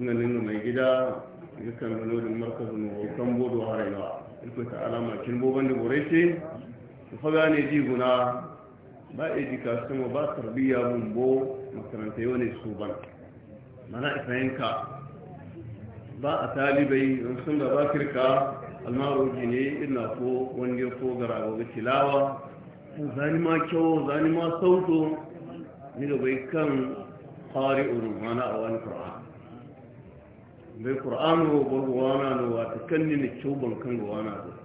nan mai gida yakan nuna da markazin kan bodo haraiwa iko ta alama kin boban da ce. ku ne ji guna ba education ba tarbiyya mun bo makaranta yau ne su ban mana ifayinka ba a talibai don sun gaba kirka almaroji ne ina ko wani ya ko gara ga tilawa zani ma kyau zani ma sauto ni da bai kan fari mana a wani qur'an bai qur'an ro ba ruwana no wata kan ni ne kyau ban kan ruwana ba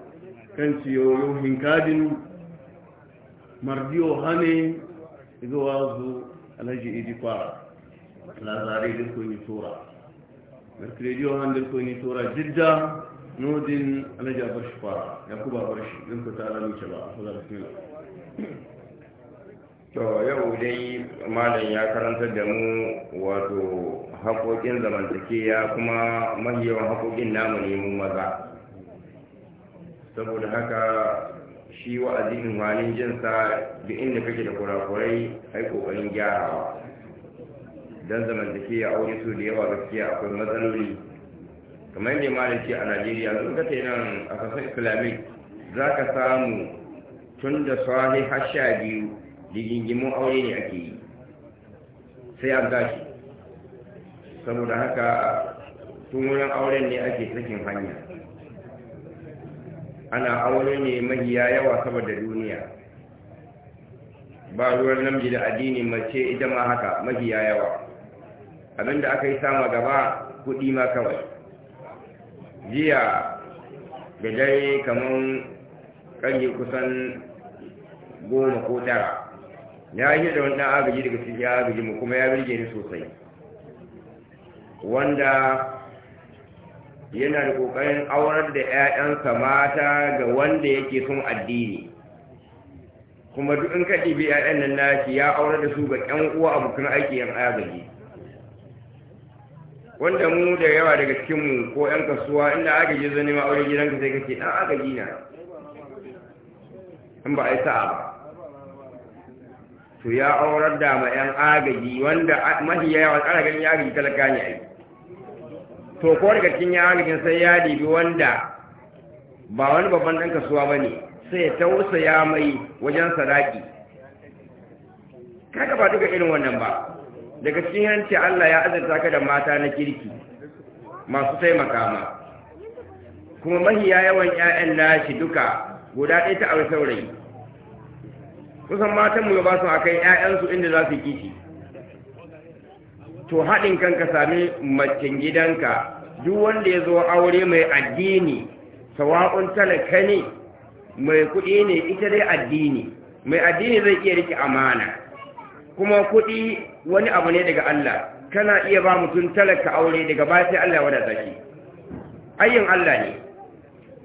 kan ciyoyo hinkadin mardiyo hane zuwa zu alhaji idi kwara lazare da yi tura mercredio han da yi tura jidda nodin alhaji abar shi fara ya kuba bar shi din ku
ta alamu ce ba a fadar bismillah to yau dai malam ya karantar da mu wato haƙoƙin zamantakewa kuma mahiyawan haƙoƙin namu ne mu maza saboda haka shi wa'azin wani jinsa duk inda kake da kurakurai ai kokarin gyarawa dan zamantake ya aure su da yawa gaskiya akwai matsaloli kamar yadda malam a Najeriya zan ka nan a kasar Islamic ka samu tun da sahi har sha biyu rigingimun aure ne ake yi sai an gashi. saboda haka tun wurin auren ne ake sakin hanya ana aure ne mahiya yawa saboda duniya ba ruwan namiji da addini mace ita ma haka mahiya yawa abinda aka yi sama gaba kuɗi ma kawai jiya da dare kamar ƙarfe kusan goma ko tara Ya yi da wani agaji daga cikin agaji mu kuma ya birge ni sosai wanda yana da kokarin aurar da 'ya'yansa mata ga wanda yake son addini kuma duk in ka ɗibi 'ya'yan nan nashi ya aurar da su ga 'yan uwa abokan aiki yan agaji wanda mu da yawa daga cikinmu ko 'yan kasuwa inda agaji zo nema aure gidanka sai kake ɗan agaji na in ba a yi sa'a ba to ya aurar da ma 'yan agaji wanda mahiya yawa tsara ganin ya agaji talaka ne aiki to ko daga cikin ya halin sai ya dibi wanda ba wani babban ɗan kasuwa ba ne sai ya tausaya mai wajen sadaki kaga ba duka irin wannan ba daga cikin hanci Allah ya azurta ka da mata na kirki masu taimaka ma kuma mahi mahiya yawan 'ya'yan nashi duka guda ɗaya ta auri saurayi kusan matanmu ya ba su akan 'ya'yansu inda za su kishi to haɗin kanka sami macin gidanka duk wanda ya zo aure mai addini sawa'un talaka ne mai kuɗi ne ita dai addini mai addini zai iya riki amana kuma kuɗi wani abu ne daga Allah kana iya ba mutum talaka aure daga ba sai Allah wadata shi ayyin Allah ne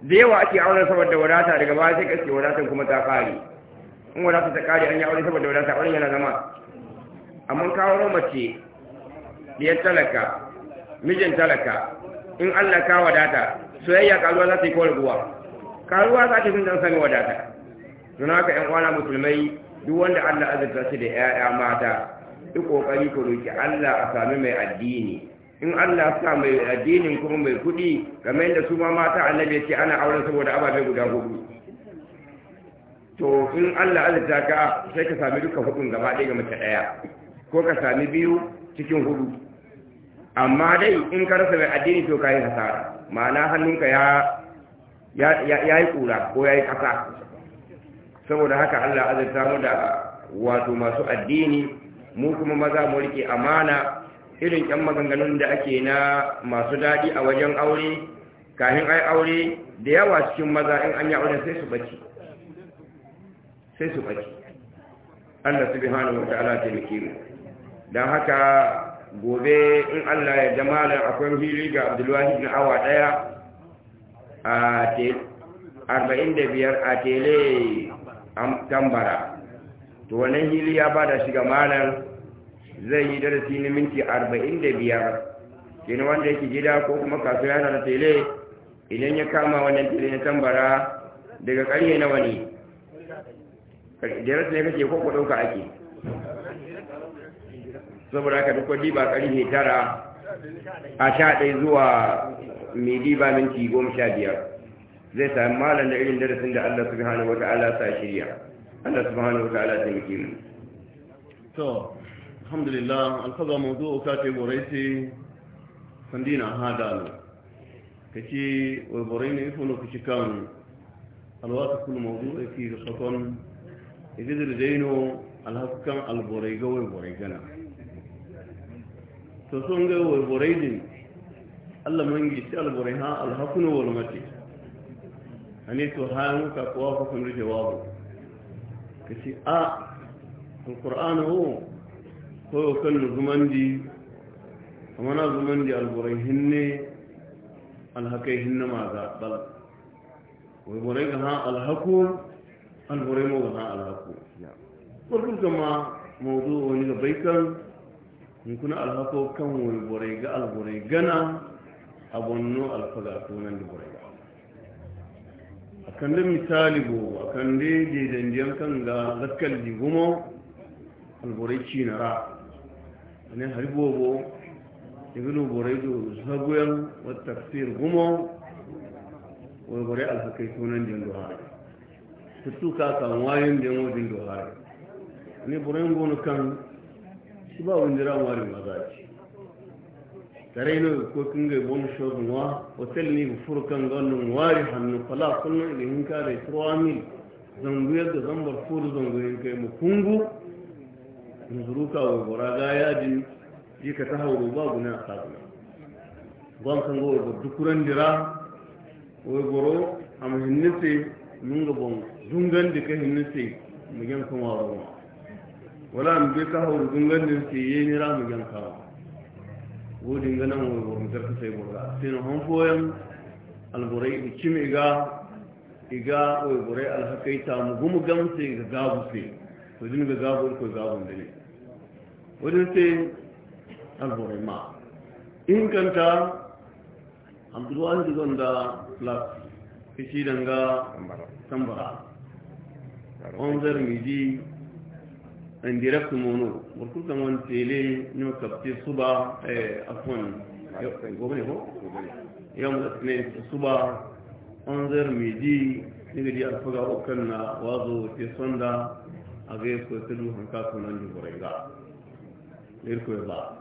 da yawa ake aure saboda wadata daga ba sai kace wadatan kuma ta kare in wadata ta kare an yi aure saboda wadata auren yana zama amma kawo mace diyar talaka mijin talaka in Allah ka wadata soyayya karuwa za ta yi kowar guwa karuwa za ta yi don sami wadata don haka ‘yan kwana musulmai duk wanda Allah azurta su da ‘ya'ya mata duk ƙoƙari ku roki Allah a sami mai addini in Allah sa mai addinin kuma mai kuɗi game da su ma mata annabi ce ana auren saboda ababe guda hudu to in Allah azurta ka sai ka sami duka hudun gaba ɗaya ga mace ɗaya ko ka sami biyu cikin hudu amma dai in ka rasa mai addini to ka yi hasara ma'ana hannunka ya yi ƙura ko ya yi ƙasa saboda haka allah azurta mu da wato masu addini mu kuma maza mu rike amana irin ƴan maganganun da ake na masu daɗi a wajen aure kafin ai aure da yawa cikin maza in an yi aure sai su bace sai su bace Allah subhanahu wa ta'ala taimake mu
dan haka gobe in Allah ya jama'a akwai hili ga Abdullahi na awa
daya a tel 45 a tele tambara to wannan hili ya bada shi ga malam zai yi darasi na minti 45 kina wanda yake gida ko kuma kasuwa yana da tele idan ya kama wannan tele na tambara daga ƙarye nawa ne darasi ne kake ko ku ɗauka ake saboda haka duk wadi ba ƙarfe tara a sha ɗaya zuwa mai diba minti goma sha biyar zai sami malam da irin darasin da Allah subhanahu wata'ala sa shirya Allah subhanahu wata'ala ta miki mu
to alhamdulillah alkaza mawdu'u ka ce boraiti sandina hadalu kace wa boraini ifunu kici kan alwaqt kullu mawdu'i fi khaton idzil zainu alhakkan alboraiga wa gana. to sun ga wai borai din Allah mangi ta alborai ha alhakuna wal mati ani to ha muka kuwa fa kun rije wabu kace a alqur'ana ho ko kan zumandi amma na zumandi alborai hinne alhakai hinne ma ga bala wai borai ga ha alhaku alborai mo ga ha alhaku ya kullu kama موضوع وني بيكر يكون الهكو كم والبريغة البريغنا أبنو الفقاتون البريغة أكن دي مثالي بو أكن دي دي دنجيان كان غا غتك اللي بومو البريغي نرا أنا هربو بو يقولوا بريغو زهقويل والتكسير غمو والبريغ الفقيتون جندو هاي تتوكا كان واين دي مو جندو هاي أنا بريغو نكن shi ba wani ramuwa da maza ce tare ne ko kun ga bon shogun wa hotel ne ga furkan ganin wari hannu fala kullum idan ka da turwa mil zanguyar da zambar furu yin kai mu kungu zuruka wa gora ga yajin ji ka ta hauro ba guna a sabuna gwan kan gowa da dukuran dira wai goro a muhimmisi mun ga bon dungan da ka himmisi mu yankan wa ruwa wala mu be ka hawru gungan din se ye ni mu gan ka wo din ga nan wo mu tarka sai burga sai no hon foyan alburai kim iga iga o burai alhakaita mu gumu gam sai ga gabu sai to din ga gabu ko gabun dane wadin sai alburai ma in kanta abdulwahid digon da plus kishi danga tambara on zar miji indirectement beaucoup de monde tele nous capter suba afon gobane ko yom ne suba 11h midi ne di alfaga okan na wazo te sonda age ko tudu hanka ko nan di borega ya ko ba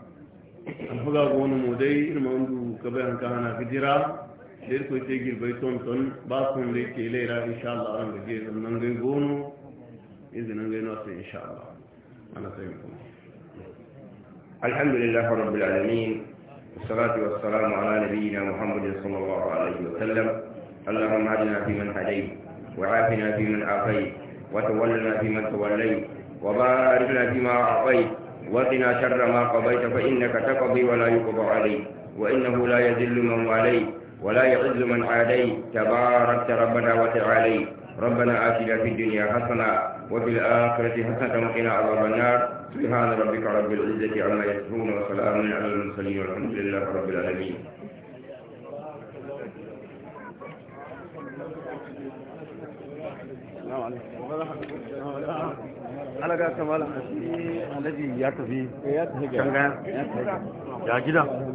alfaga gonu modai irmandu kabe hanka hana gidira lir ko te girbai ton ton ba kun le tele ra insha Allah ran zan nan ngai gonu izinin gaino su insha Allah
الحمد لله رب العالمين والصلاة والسلام على نبينا محمد صلى الله عليه وسلم اللهم اهدنا فيمن هديت وعافنا فيمن عافيت وتولنا فيمن توليت وباركنا فيما أعطيت وقنا شر ما قضيت فإنك تقضي ولا يقضى عليك وإنه لا يذل من واليت ولا يعز من عاديت تباركت ربنا وتعالي ربنا آتنا في الدنيا حسنة وفي الآخرة حسنة وقنا عذاب النار سبحان ربك رب العزة عما يصفون وسلام على المرسلين والحمد لله رب العالمين
ana ga kamala